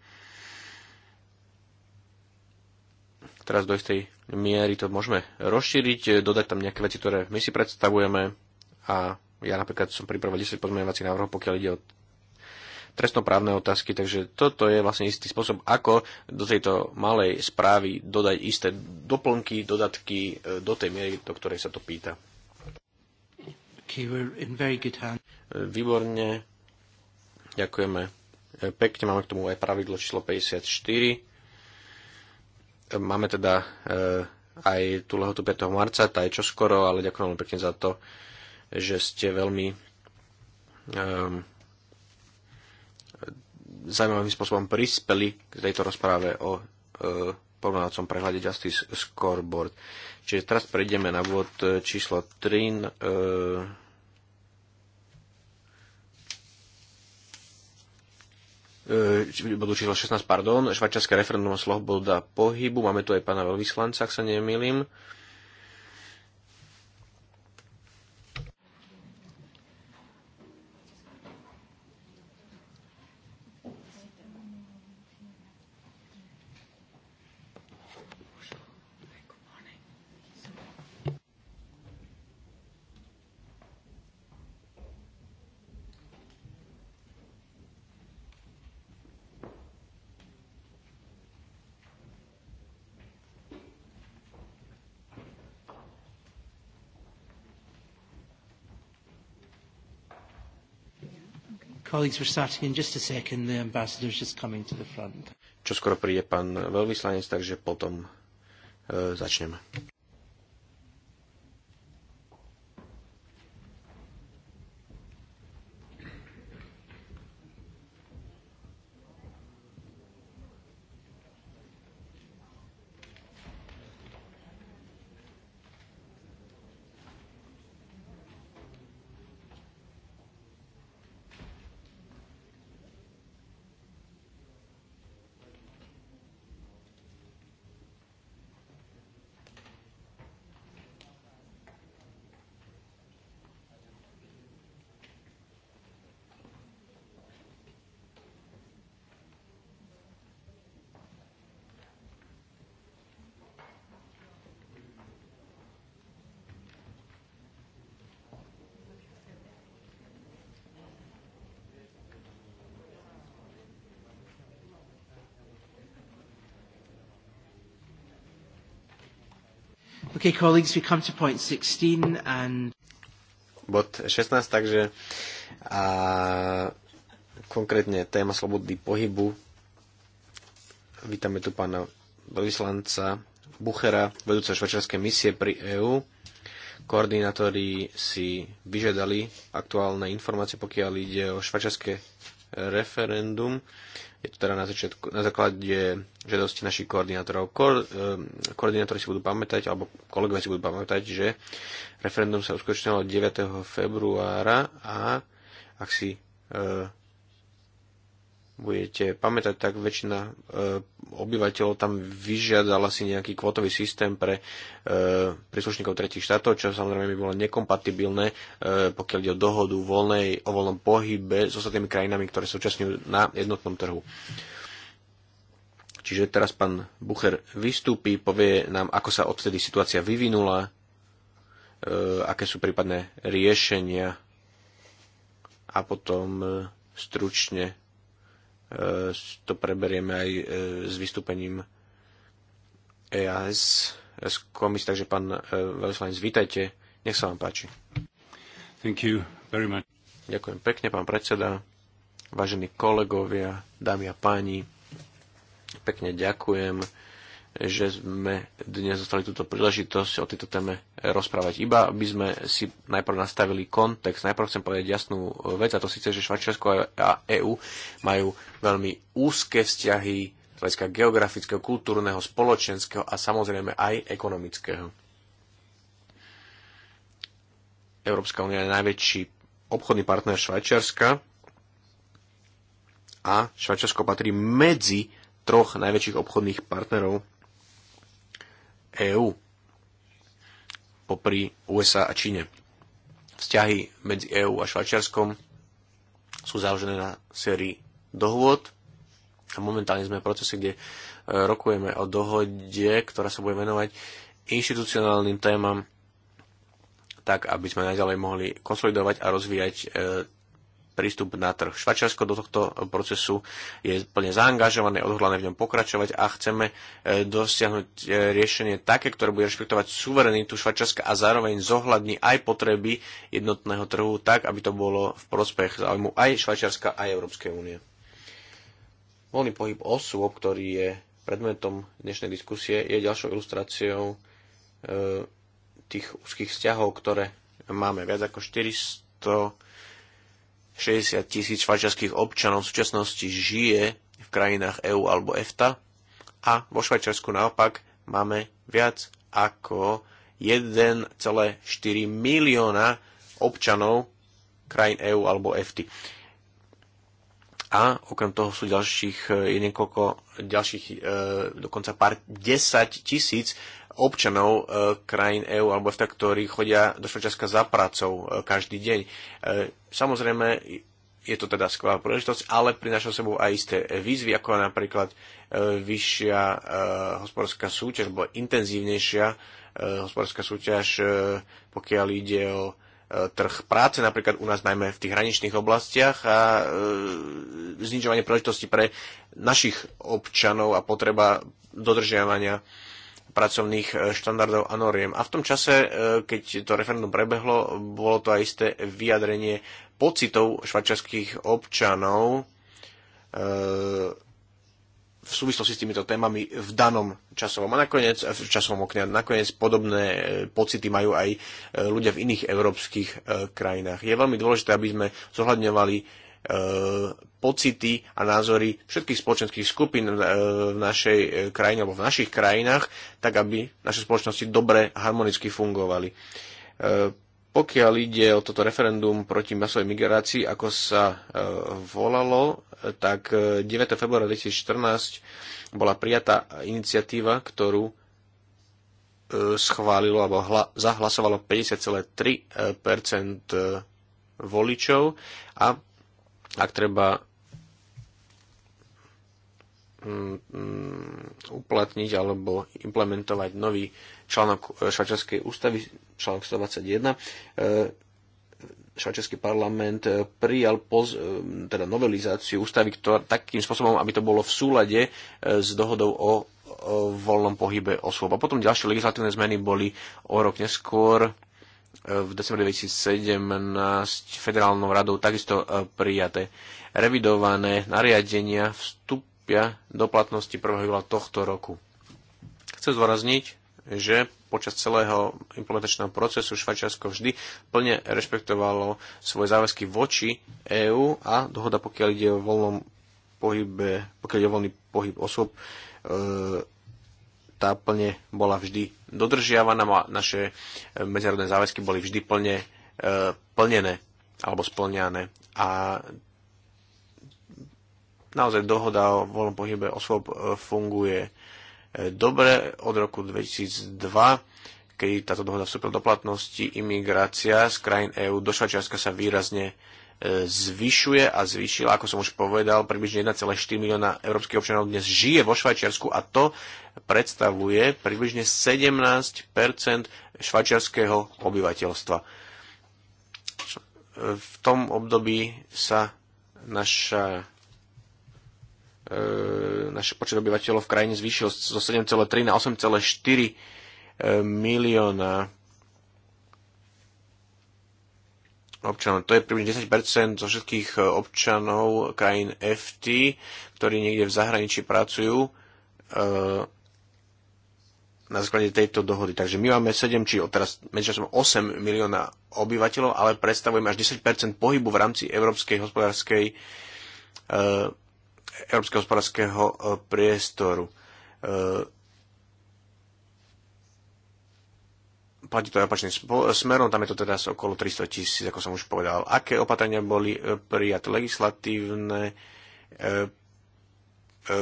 Speaker 2: teraz do istej miery to môžeme rozšíriť, dodať tam nejaké veci, ktoré my si predstavujeme a ja napríklad som pripravil 10 pozmeňovacích návrhov, pokiaľ ide o trestnoprávne otázky, takže toto je vlastne istý spôsob, ako do tejto malej správy dodať isté doplnky, dodatky e, do tej miery, do ktorej sa to pýta. E, výborne, ďakujeme e, pekne, máme k tomu aj pravidlo číslo 54. Máme teda aj tú lehotu 5. marca, tá je čoskoro, ale ďakujem veľmi pekne za to, že ste veľmi um, zaujímavým spôsobom prispeli k tejto rozpráve o e, porovnávacom prehľade Justice Scoreboard. Čiže teraz prejdeme na vod e, číslo 3. E, e, bodu číslo 16, pardon, švajčiarske referendum o sloboda pohybu. Máme tu aj pána veľvyslanca, ak sa nemýlim. E,
Speaker 1: Colleagues, we're starting in just a second. The ambassador's just coming to the front.
Speaker 2: Čo skoro príde pán veľvyslanec, takže potom e, začneme.
Speaker 1: Okay, colleagues, we come to point 16 and...
Speaker 2: Bod 16, takže a konkrétne téma slobody pohybu. Vítame tu pána vyslanca Buchera, vedúceho švečerskej misie pri EÚ. Koordinátori si vyžiadali aktuálne informácie, pokiaľ ide o švajčiarske referendum. Je to teda na, začiatku, na základe žiadosti našich koordinátorov. Ko, eh, koordinátori si budú pamätať, alebo kolegovia si budú pamätať, že referendum sa uskutočnilo 9. februára a ak si e, budete pamätať, tak väčšina e, obyvateľov tam vyžiadala si nejaký kvotový systém pre e, príslušníkov tretich štátov, čo samozrejme by bolo nekompatibilné, e, pokiaľ ide o dohodu voľnej, o voľnom pohybe s ostatnými krajinami, ktoré sa účastňujú na jednotnom trhu. Čiže teraz pán Bucher vystúpi, povie nám, ako sa odtedy situácia vyvinula, e, aké sú prípadné riešenia a potom e, stručne E, to preberieme aj e, s vystúpením EAS e, z komis, takže pán veľvyslanec, vítajte, nech sa vám páči. Thank you very much. Ďakujem pekne, pán predseda, vážení kolegovia, dámy a páni, pekne ďakujem že sme dnes dostali túto príležitosť o tejto téme rozprávať. Iba by sme si najprv nastavili kontext. Najprv chcem povedať jasnú vec, a to síce, že Švajčiarsko a EÚ majú veľmi úzke vzťahy z hľadiska geografického, kultúrneho, spoločenského a samozrejme aj ekonomického. Európska únia je najväčší obchodný partner Švajčiarska a Švajčiarsko patrí medzi troch najväčších obchodných partnerov EÚ popri USA a Číne. Vzťahy medzi EÚ a Švajčiarskom sú založené na sérii dohôd a momentálne sme v procese, kde e, rokujeme o dohode, ktorá sa bude venovať inštitucionálnym témam, tak aby sme naďalej mohli konsolidovať a rozvíjať e, prístup na trh. Švačarsko do tohto procesu je plne zaangažované, odhodlané v ňom pokračovať a chceme eh, dosiahnuť eh, riešenie také, ktoré bude rešpektovať suverenitu Švačarska a zároveň zohľadní aj potreby jednotného trhu tak, aby to bolo v prospech záujmu aj Švačarska, aj Európskej únie. Voľný pohyb osôb, ktorý je predmetom dnešnej diskusie, je ďalšou ilustráciou eh, tých úzkých vzťahov, ktoré máme. Viac ako 400 60 tisíc švajčiarských občanov v súčasnosti žije v krajinách EÚ alebo EFTA a vo Švajčiarsku naopak máme viac ako 1,4 milióna občanov krajín EÚ alebo EFTA. A okrem toho sú ďalších, e, je niekoľko ďalších, e, dokonca pár desať tisíc občanov e, krajín EÚ alebo EFTA, ktorí chodia do Švajčiarska za prácou každý deň. Samozrejme, je to teda skvelá príležitosť, ale prináša sebou aj isté výzvy, ako napríklad vyššia hospodárska súťaž, alebo intenzívnejšia hospodárska súťaž, pokiaľ ide o E, trh práce, napríklad u nás najmä v tých hraničných oblastiach a e, znižovanie príležitosti pre našich občanov a potreba dodržiavania pracovných e, štandardov a noriem. A v tom čase, e, keď to referendum prebehlo, bolo to aj isté vyjadrenie pocitov švačarských občanov e, v súvislosti s týmito témami v danom časovom a nakoniec, v časovom okne. A nakoniec podobné e, pocity majú aj e, ľudia v iných európskych e, krajinách. Je veľmi dôležité, aby sme zohľadňovali pocity a názory všetkých spoločenských skupín v našej krajine alebo v našich krajinách, tak aby naše spoločnosti dobre harmonicky fungovali pokiaľ ide o toto referendum proti masovej migrácii, ako sa e, volalo, tak 9. E, februára 2014 bola prijatá iniciatíva, ktorú e, schválilo alebo hla, zahlasovalo 50,3 voličov a ak treba mm, mm, uplatniť alebo implementovať nový článok e, švajčiarskej ústavy, článok 121, e, švajčiarsky parlament e, prijal poz, teda novelizáciu ústavy ktorá, takým spôsobom, aby to bolo v súlade s dohodou o, voľnom pohybe osôb. A potom ďalšie legislatívne zmeny boli o rok neskôr v decembri 2017 federálnou radou takisto prijaté. Revidované nariadenia vstupia do platnosti 1. júla tohto roku. Chcem zdôrazniť, že počas celého implementačného procesu Švajčiarsko vždy plne rešpektovalo svoje záväzky voči EÚ a dohoda, pokiaľ ide o voľnom pohybe, pokiaľ ide o voľný pohyb osôb, e, tá plne bola vždy dodržiavaná a naše e, medzinárodné záväzky boli vždy plne e, plnené alebo splňané. A naozaj dohoda o voľnom pohybe osôb funguje dobre od roku 2002 keď táto dohoda vstúpila do platnosti, imigrácia z krajín EÚ do Švajčiarska sa výrazne e, zvyšuje a zvýšila, ako som už povedal, približne 1,4 milióna európskych občanov dnes žije vo Švajčiarsku a to predstavuje približne 17 švajčiarského obyvateľstva. V tom období sa naša E, naš počet obyvateľov v krajine zvýšil zo 7,3 na 8,4 e, milióna občanov. To je približne 10% zo všetkých e, občanov krajín FT, ktorí niekde v zahraničí pracujú na základe tejto dohody. Takže my máme 7, či teraz medzičasom 8 milióna obyvateľov, ale predstavujeme až 10% pohybu v rámci Európskej hospodárskej Európskeho hospodárskeho e, priestoru. E, platí to aj opačným smerom, tam je to teraz okolo 300 tisíc, ako som už povedal. Aké opatrenia boli e, prijaté legislatívne?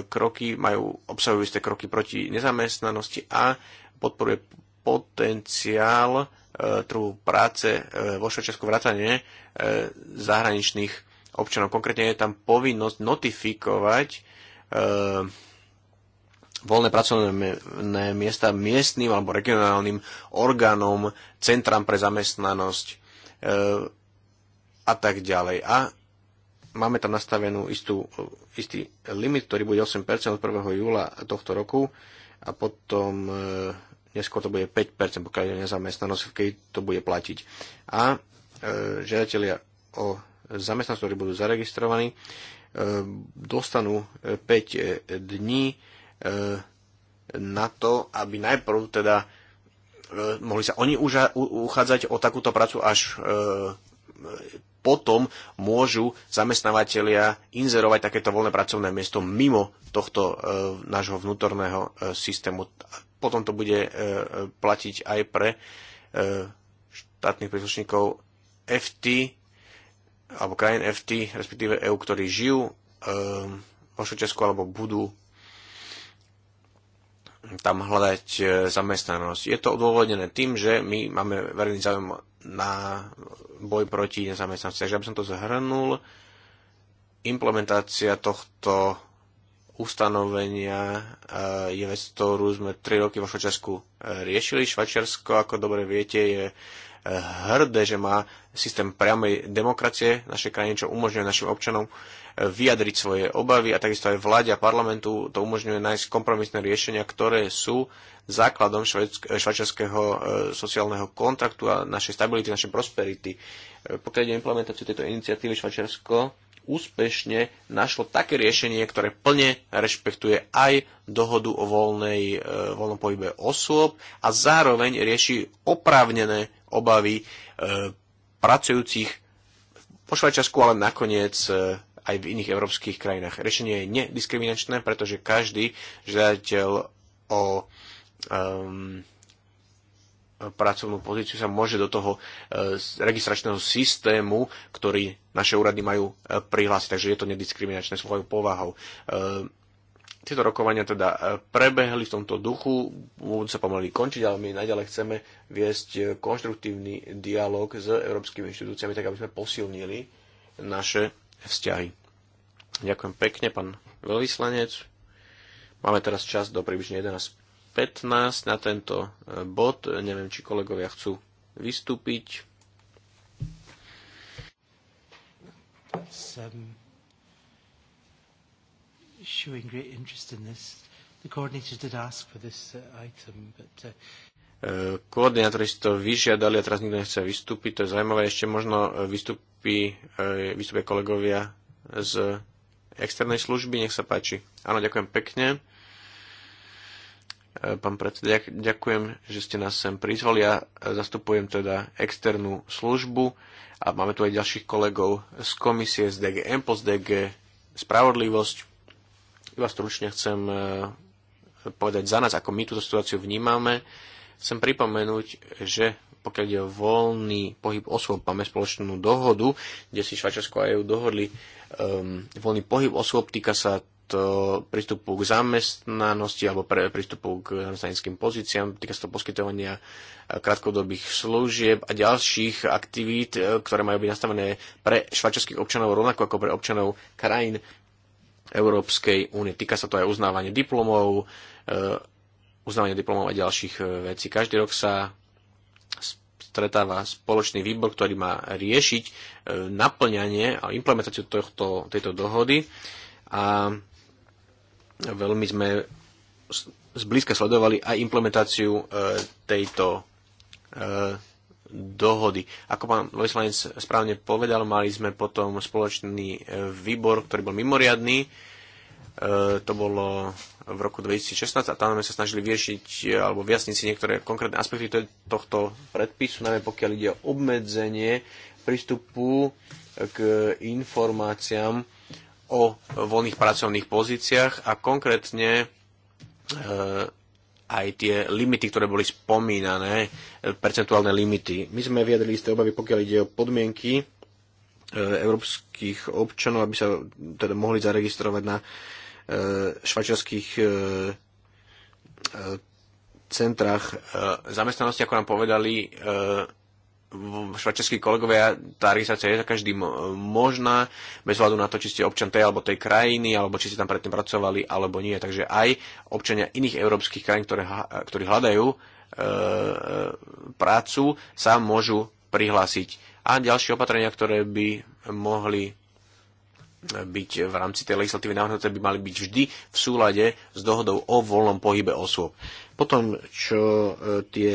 Speaker 2: kroky, majú, obsahujú isté kroky proti nezamestnanosti a podporuje potenciál e, trhu práce e, vo Švečesku vrátane e, zahraničných občanov. Konkrétne je tam povinnosť notifikovať e, voľné pracovné miesta miestnym alebo regionálnym orgánom, centram pre zamestnanosť e, a tak ďalej. A máme tam nastavenú istú, istý limit, ktorý bude 8% od 1. júla tohto roku a potom e, neskôr to bude 5%, pokiaľ je nezamestnanosť, keď to bude platiť. A e, žiadatelia o zamestnancov, ktorí budú zaregistrovaní, e, dostanú 5 e, e, dní na to, aby najprv teda mohli sa oni uchádzať o takúto prácu, až potom môžu zamestnávateľia inzerovať takéto voľné pracovné miesto mimo tohto e, nášho vnútorného e, systému. Potom to bude e, platiť aj pre e, štátnych príslušníkov FT alebo krajín FT, respektíve EU, ktorí žijú ehm, vo Švečesku alebo budú tam hľadať e, zamestnanosť. Je to odôvodnené tým, že my máme verejný záujem na boj proti nezamestnanosti. Takže aby som to zhrnul, implementácia tohto ustanovenia e, je vec, ktorú sme 3 roky vo Švačiarsku e, riešili. Švačiarsko, ako dobre viete, je hrdé, že má systém priamej demokracie v našej krajine, čo umožňuje našim občanom eh, vyjadriť svoje obavy a takisto aj vláde a parlamentu to umožňuje nájsť kompromisné riešenia, ktoré sú základom eh, švajčiarského eh, sociálneho kontraktu a našej stability, našej prosperity. Pokiaľ ide implementáciu tejto iniciatívy Švajčiarsko úspešne našlo také riešenie, ktoré plne rešpektuje aj dohodu o voľnej, voľnom pohybe osôb a zároveň rieši oprávnené obavy e, pracujúcich po Švajčiarsku, ale nakoniec e, aj v iných európskych krajinách. Riešenie je nediskriminačné, pretože každý žiadateľ o um, pracovnú pozíciu sa môže do toho e, registračného systému, ktorý naše úrady majú prihlásiť. Takže je to nediskriminačné svojou povahou. Tieto rokovania teda e, prebehli v tomto duchu, budú sa pomaly končiť, ale my naďalej chceme viesť e, konštruktívny dialog s európskymi inštitúciami, tak aby sme posilnili naše vzťahy. Ďakujem pekne, pán veľvyslanec. Máme teraz čas do približne 11.15 na tento e, bod. Neviem, či kolegovia chcú vystúpiť
Speaker 1: showing great interest in this. The coordinators did ask for this uh, item, but... Uh,
Speaker 2: uh... Koordinátori si to vyžiadali a teraz nikto nechce vystúpiť. To je zaujímavé. Ešte možno uh, vystúpi, uh, vystúpia kolegovia z externej služby. Nech sa páči. Áno, ďakujem pekne. Pán predseda, ďakujem, že ste nás sem prizvali. Ja zastupujem teda externú službu a máme tu aj ďalších kolegov z komisie z DGM, z DG Spravodlivosť. Iba stručne chcem e, povedať za nás, ako my túto situáciu vnímame. Chcem pripomenúť, že pokiaľ je voľný pohyb osôb, máme spoločnú dohodu, kde si Švajčiarsko a EU dohodli um, voľný pohyb osôb, týka sa to prístupu k zamestnanosti alebo pre, prístupu k zamestnanickým pozíciám, týka sa to poskytovania e, krátkodobých služieb a ďalších aktivít, e, ktoré majú byť nastavené pre švajčiarských občanov rovnako ako pre občanov krajín, Európskej únie. Týka sa to aj uznávanie diplomov, e, uznávanie diplomov a ďalších e, vecí. Každý rok sa stretáva spoločný výbor, ktorý má riešiť e, naplňanie a implementáciu tohto, tejto dohody a veľmi sme zblízka sledovali aj implementáciu tejto dohody. Ako pán Vojslanec správne povedal, mali sme potom spoločný e, výbor, ktorý bol mimoriadný. E, to bolo v roku 2016 a tam sme sa snažili vyriešiť e, alebo vyjasniť si niektoré konkrétne aspekty tohto predpisu, najmä pokiaľ ide o obmedzenie prístupu k informáciám o voľných pracovných pozíciách a konkrétne aj tie limity, ktoré boli spomínané, e, percentuálne limity. My sme vyjadrili isté obavy, pokiaľ ide o podmienky e, európskych občanov, aby sa teda mohli zaregistrovať na e, švajčiarských centrách zamestnanosti, ako nám povedali švajčiarskí kolegovia, tá registrácia je za každým možná, bez hľadu na to, či ste občan tej alebo tej krajiny, alebo či ste tam predtým pracovali, alebo nie. Takže aj občania iných európskych krajín, ktoré, ktorí hľadajú e, e, prácu, sa môžu prihlásiť. A ďalšie opatrenia, ktoré by mohli e, byť v rámci tej legislatívy návrhnuté, by mali byť vždy v súlade s dohodou o voľnom pohybe osôb. Potom, čo e, tie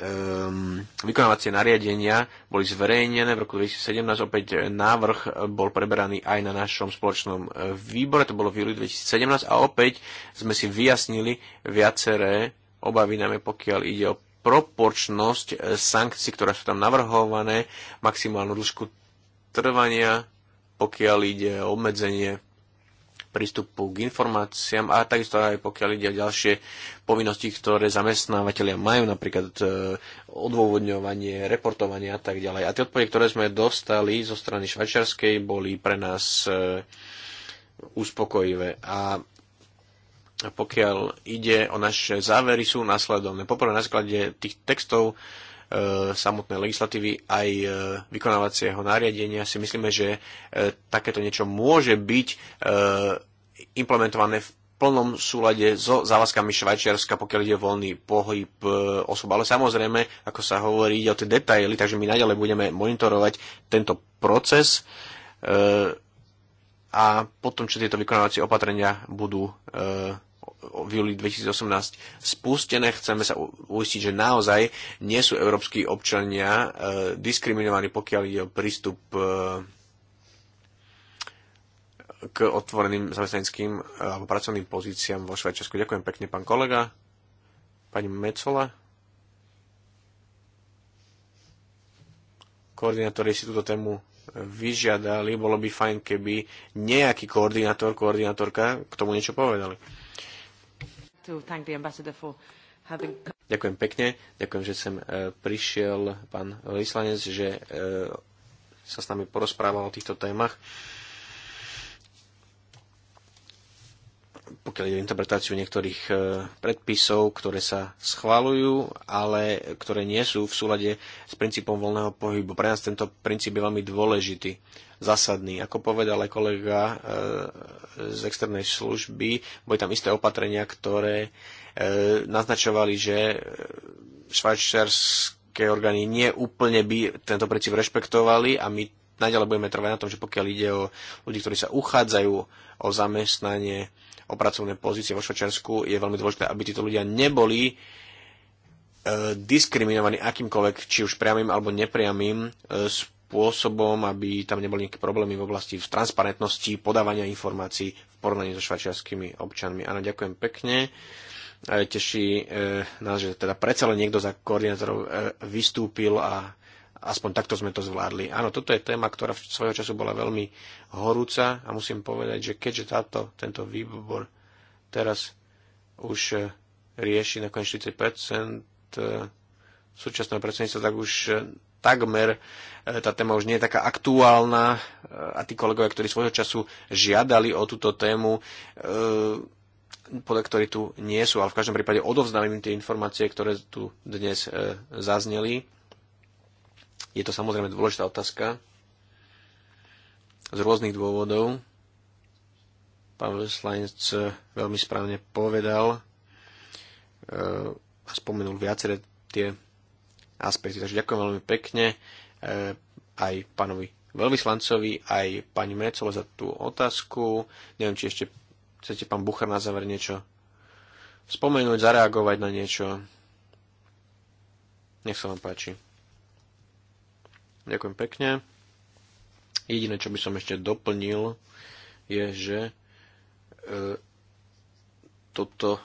Speaker 2: um, vykonávacie nariadenia boli zverejnené v roku 2017. Opäť e, návrh e, bol preberaný aj na našom spoločnom e, výbore, to bolo v júli 2017 a opäť sme si vyjasnili viaceré obavy, najmä pokiaľ ide o proporčnosť sankcií, ktoré sú tam navrhované, maximálnu dĺžku trvania, pokiaľ ide o obmedzenie prístupu k informáciám a takisto aj pokiaľ ide o ďalšie povinnosti, ktoré zamestnávateľia majú, napríklad e, odôvodňovanie, reportovanie a tak ďalej. A tie odpovede, ktoré sme dostali zo strany švajčiarskej, boli pre nás e, uspokojivé. A pokiaľ ide o naše závery, sú následovné. Poprvé na základe tých textov, E, samotnej legislatívy aj e, vykonávacieho nariadenia si myslíme, že e, takéto niečo môže byť implementované v plnom súlade so závazkami Švajčiarska, pokiaľ ide voľný pohyb osob. Ale samozrejme, ako sa hovorí, ide o tie detaily, takže my naďalej budeme monitorovať tento proces a potom, čo tieto vykonávacie opatrenia budú v júli 2018 spustené. Chceme sa uistiť, že naozaj nie sú európsky občania e, diskriminovaní, pokiaľ ide o prístup e, k otvoreným zamestnaneckým e, alebo pracovným pozíciám vo Švajčiarsku. Ďakujem pekne, pán kolega. Pani Mecola. Koordinátori si túto tému vyžiadali. Bolo by fajn, keby nejaký koordinátor, koordinátorka k tomu niečo povedali. Ďakujem pekne, ďakujem, že sem e, prišiel pán vyslanec, že e, sa s nami porozprával o týchto témach. pokiaľ ide o interpretáciu niektorých e, predpisov, ktoré sa schvalujú, ale ktoré nie sú v súlade s princípom voľného pohybu. Pre nás tento princíp je veľmi dôležitý, zásadný. Ako povedal aj kolega e, z externej služby, boli tam isté opatrenia, ktoré e, naznačovali, že švajčiarske orgány neúplne by tento princíp rešpektovali a my naďalej budeme trvať na tom, že pokiaľ ide o ľudí, ktorí sa uchádzajú o zamestnanie o pracovné pozície vo Švajčiarsku, je veľmi dôležité, aby títo ľudia neboli e, diskriminovaní akýmkoľvek, či už priamým alebo nepriamým e, spôsobom, aby tam neboli nejaké problémy v oblasti v transparentnosti, podávania informácií v porovnaní so švajčiarskými občanmi. Áno, ďakujem pekne. E, teší nás, že teda predsa len niekto za koordinátorov vystúpil a aspoň takto sme to zvládli. Áno, toto je téma, ktorá v svojho času bola veľmi horúca a musím povedať, že keďže táto, tento výbor teraz už eh, rieši nakoniec 40% eh, súčasného predsedníctva, tak už eh, takmer tá téma už nie je taká aktuálna a tí kolegovia, ktorí svojho času žiadali o túto tému, podľa ktorí tu nie sú, ale v každom prípade odovzdám im tie informácie, ktoré tu dnes zazneli je to samozrejme dôležitá otázka z rôznych dôvodov. Pán slanec veľmi správne povedal e, a spomenul viaceré tie aspekty. Takže ďakujem veľmi pekne e, aj pánovi veľvyslancovi, aj pani Mecole za tú otázku. Neviem, či ešte chcete pán Buchar na záver niečo spomenúť, zareagovať na niečo. Nech sa vám páči. Ďakujem pekne. Jediné, čo by som ešte doplnil, je, že e, toto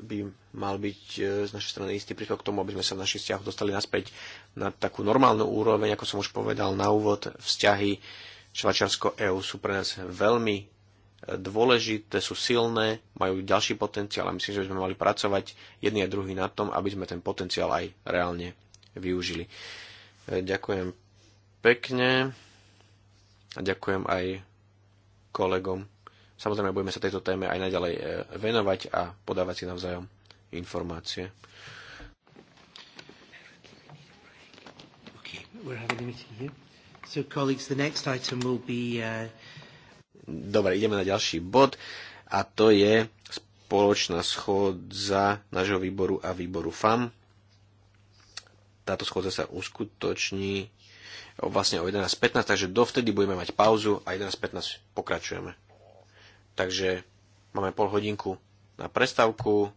Speaker 2: by mal byť e, z našej strany istý príklad k tomu, aby sme sa v našich vzťahoch dostali naspäť na takú normálnu úroveň, ako som už povedal na úvod. Vzťahy Švačarsko-EU sú pre nás veľmi e, dôležité, sú silné, majú ďalší potenciál a myslím, že by sme mali pracovať jedni a druhý na tom, aby sme ten potenciál aj reálne využili. E, ďakujem pekne a ďakujem aj kolegom. Samozrejme, budeme sa tejto téme aj naďalej e, venovať a podávať si navzájom informácie. Uh, Dobre, ideme na ďalší bod a to je spoločná schôdza nášho výboru a výboru FAM. Táto schôdza sa uskutoční vlastne o 11.15, takže dovtedy budeme mať pauzu a 11.15 pokračujeme. Takže máme pol hodinku na prestávku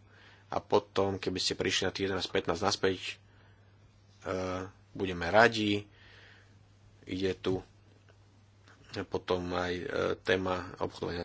Speaker 2: a potom, keby ste prišli na tých 11.15 naspäť, e, budeme radi. Ide tu potom aj e, téma obchodovania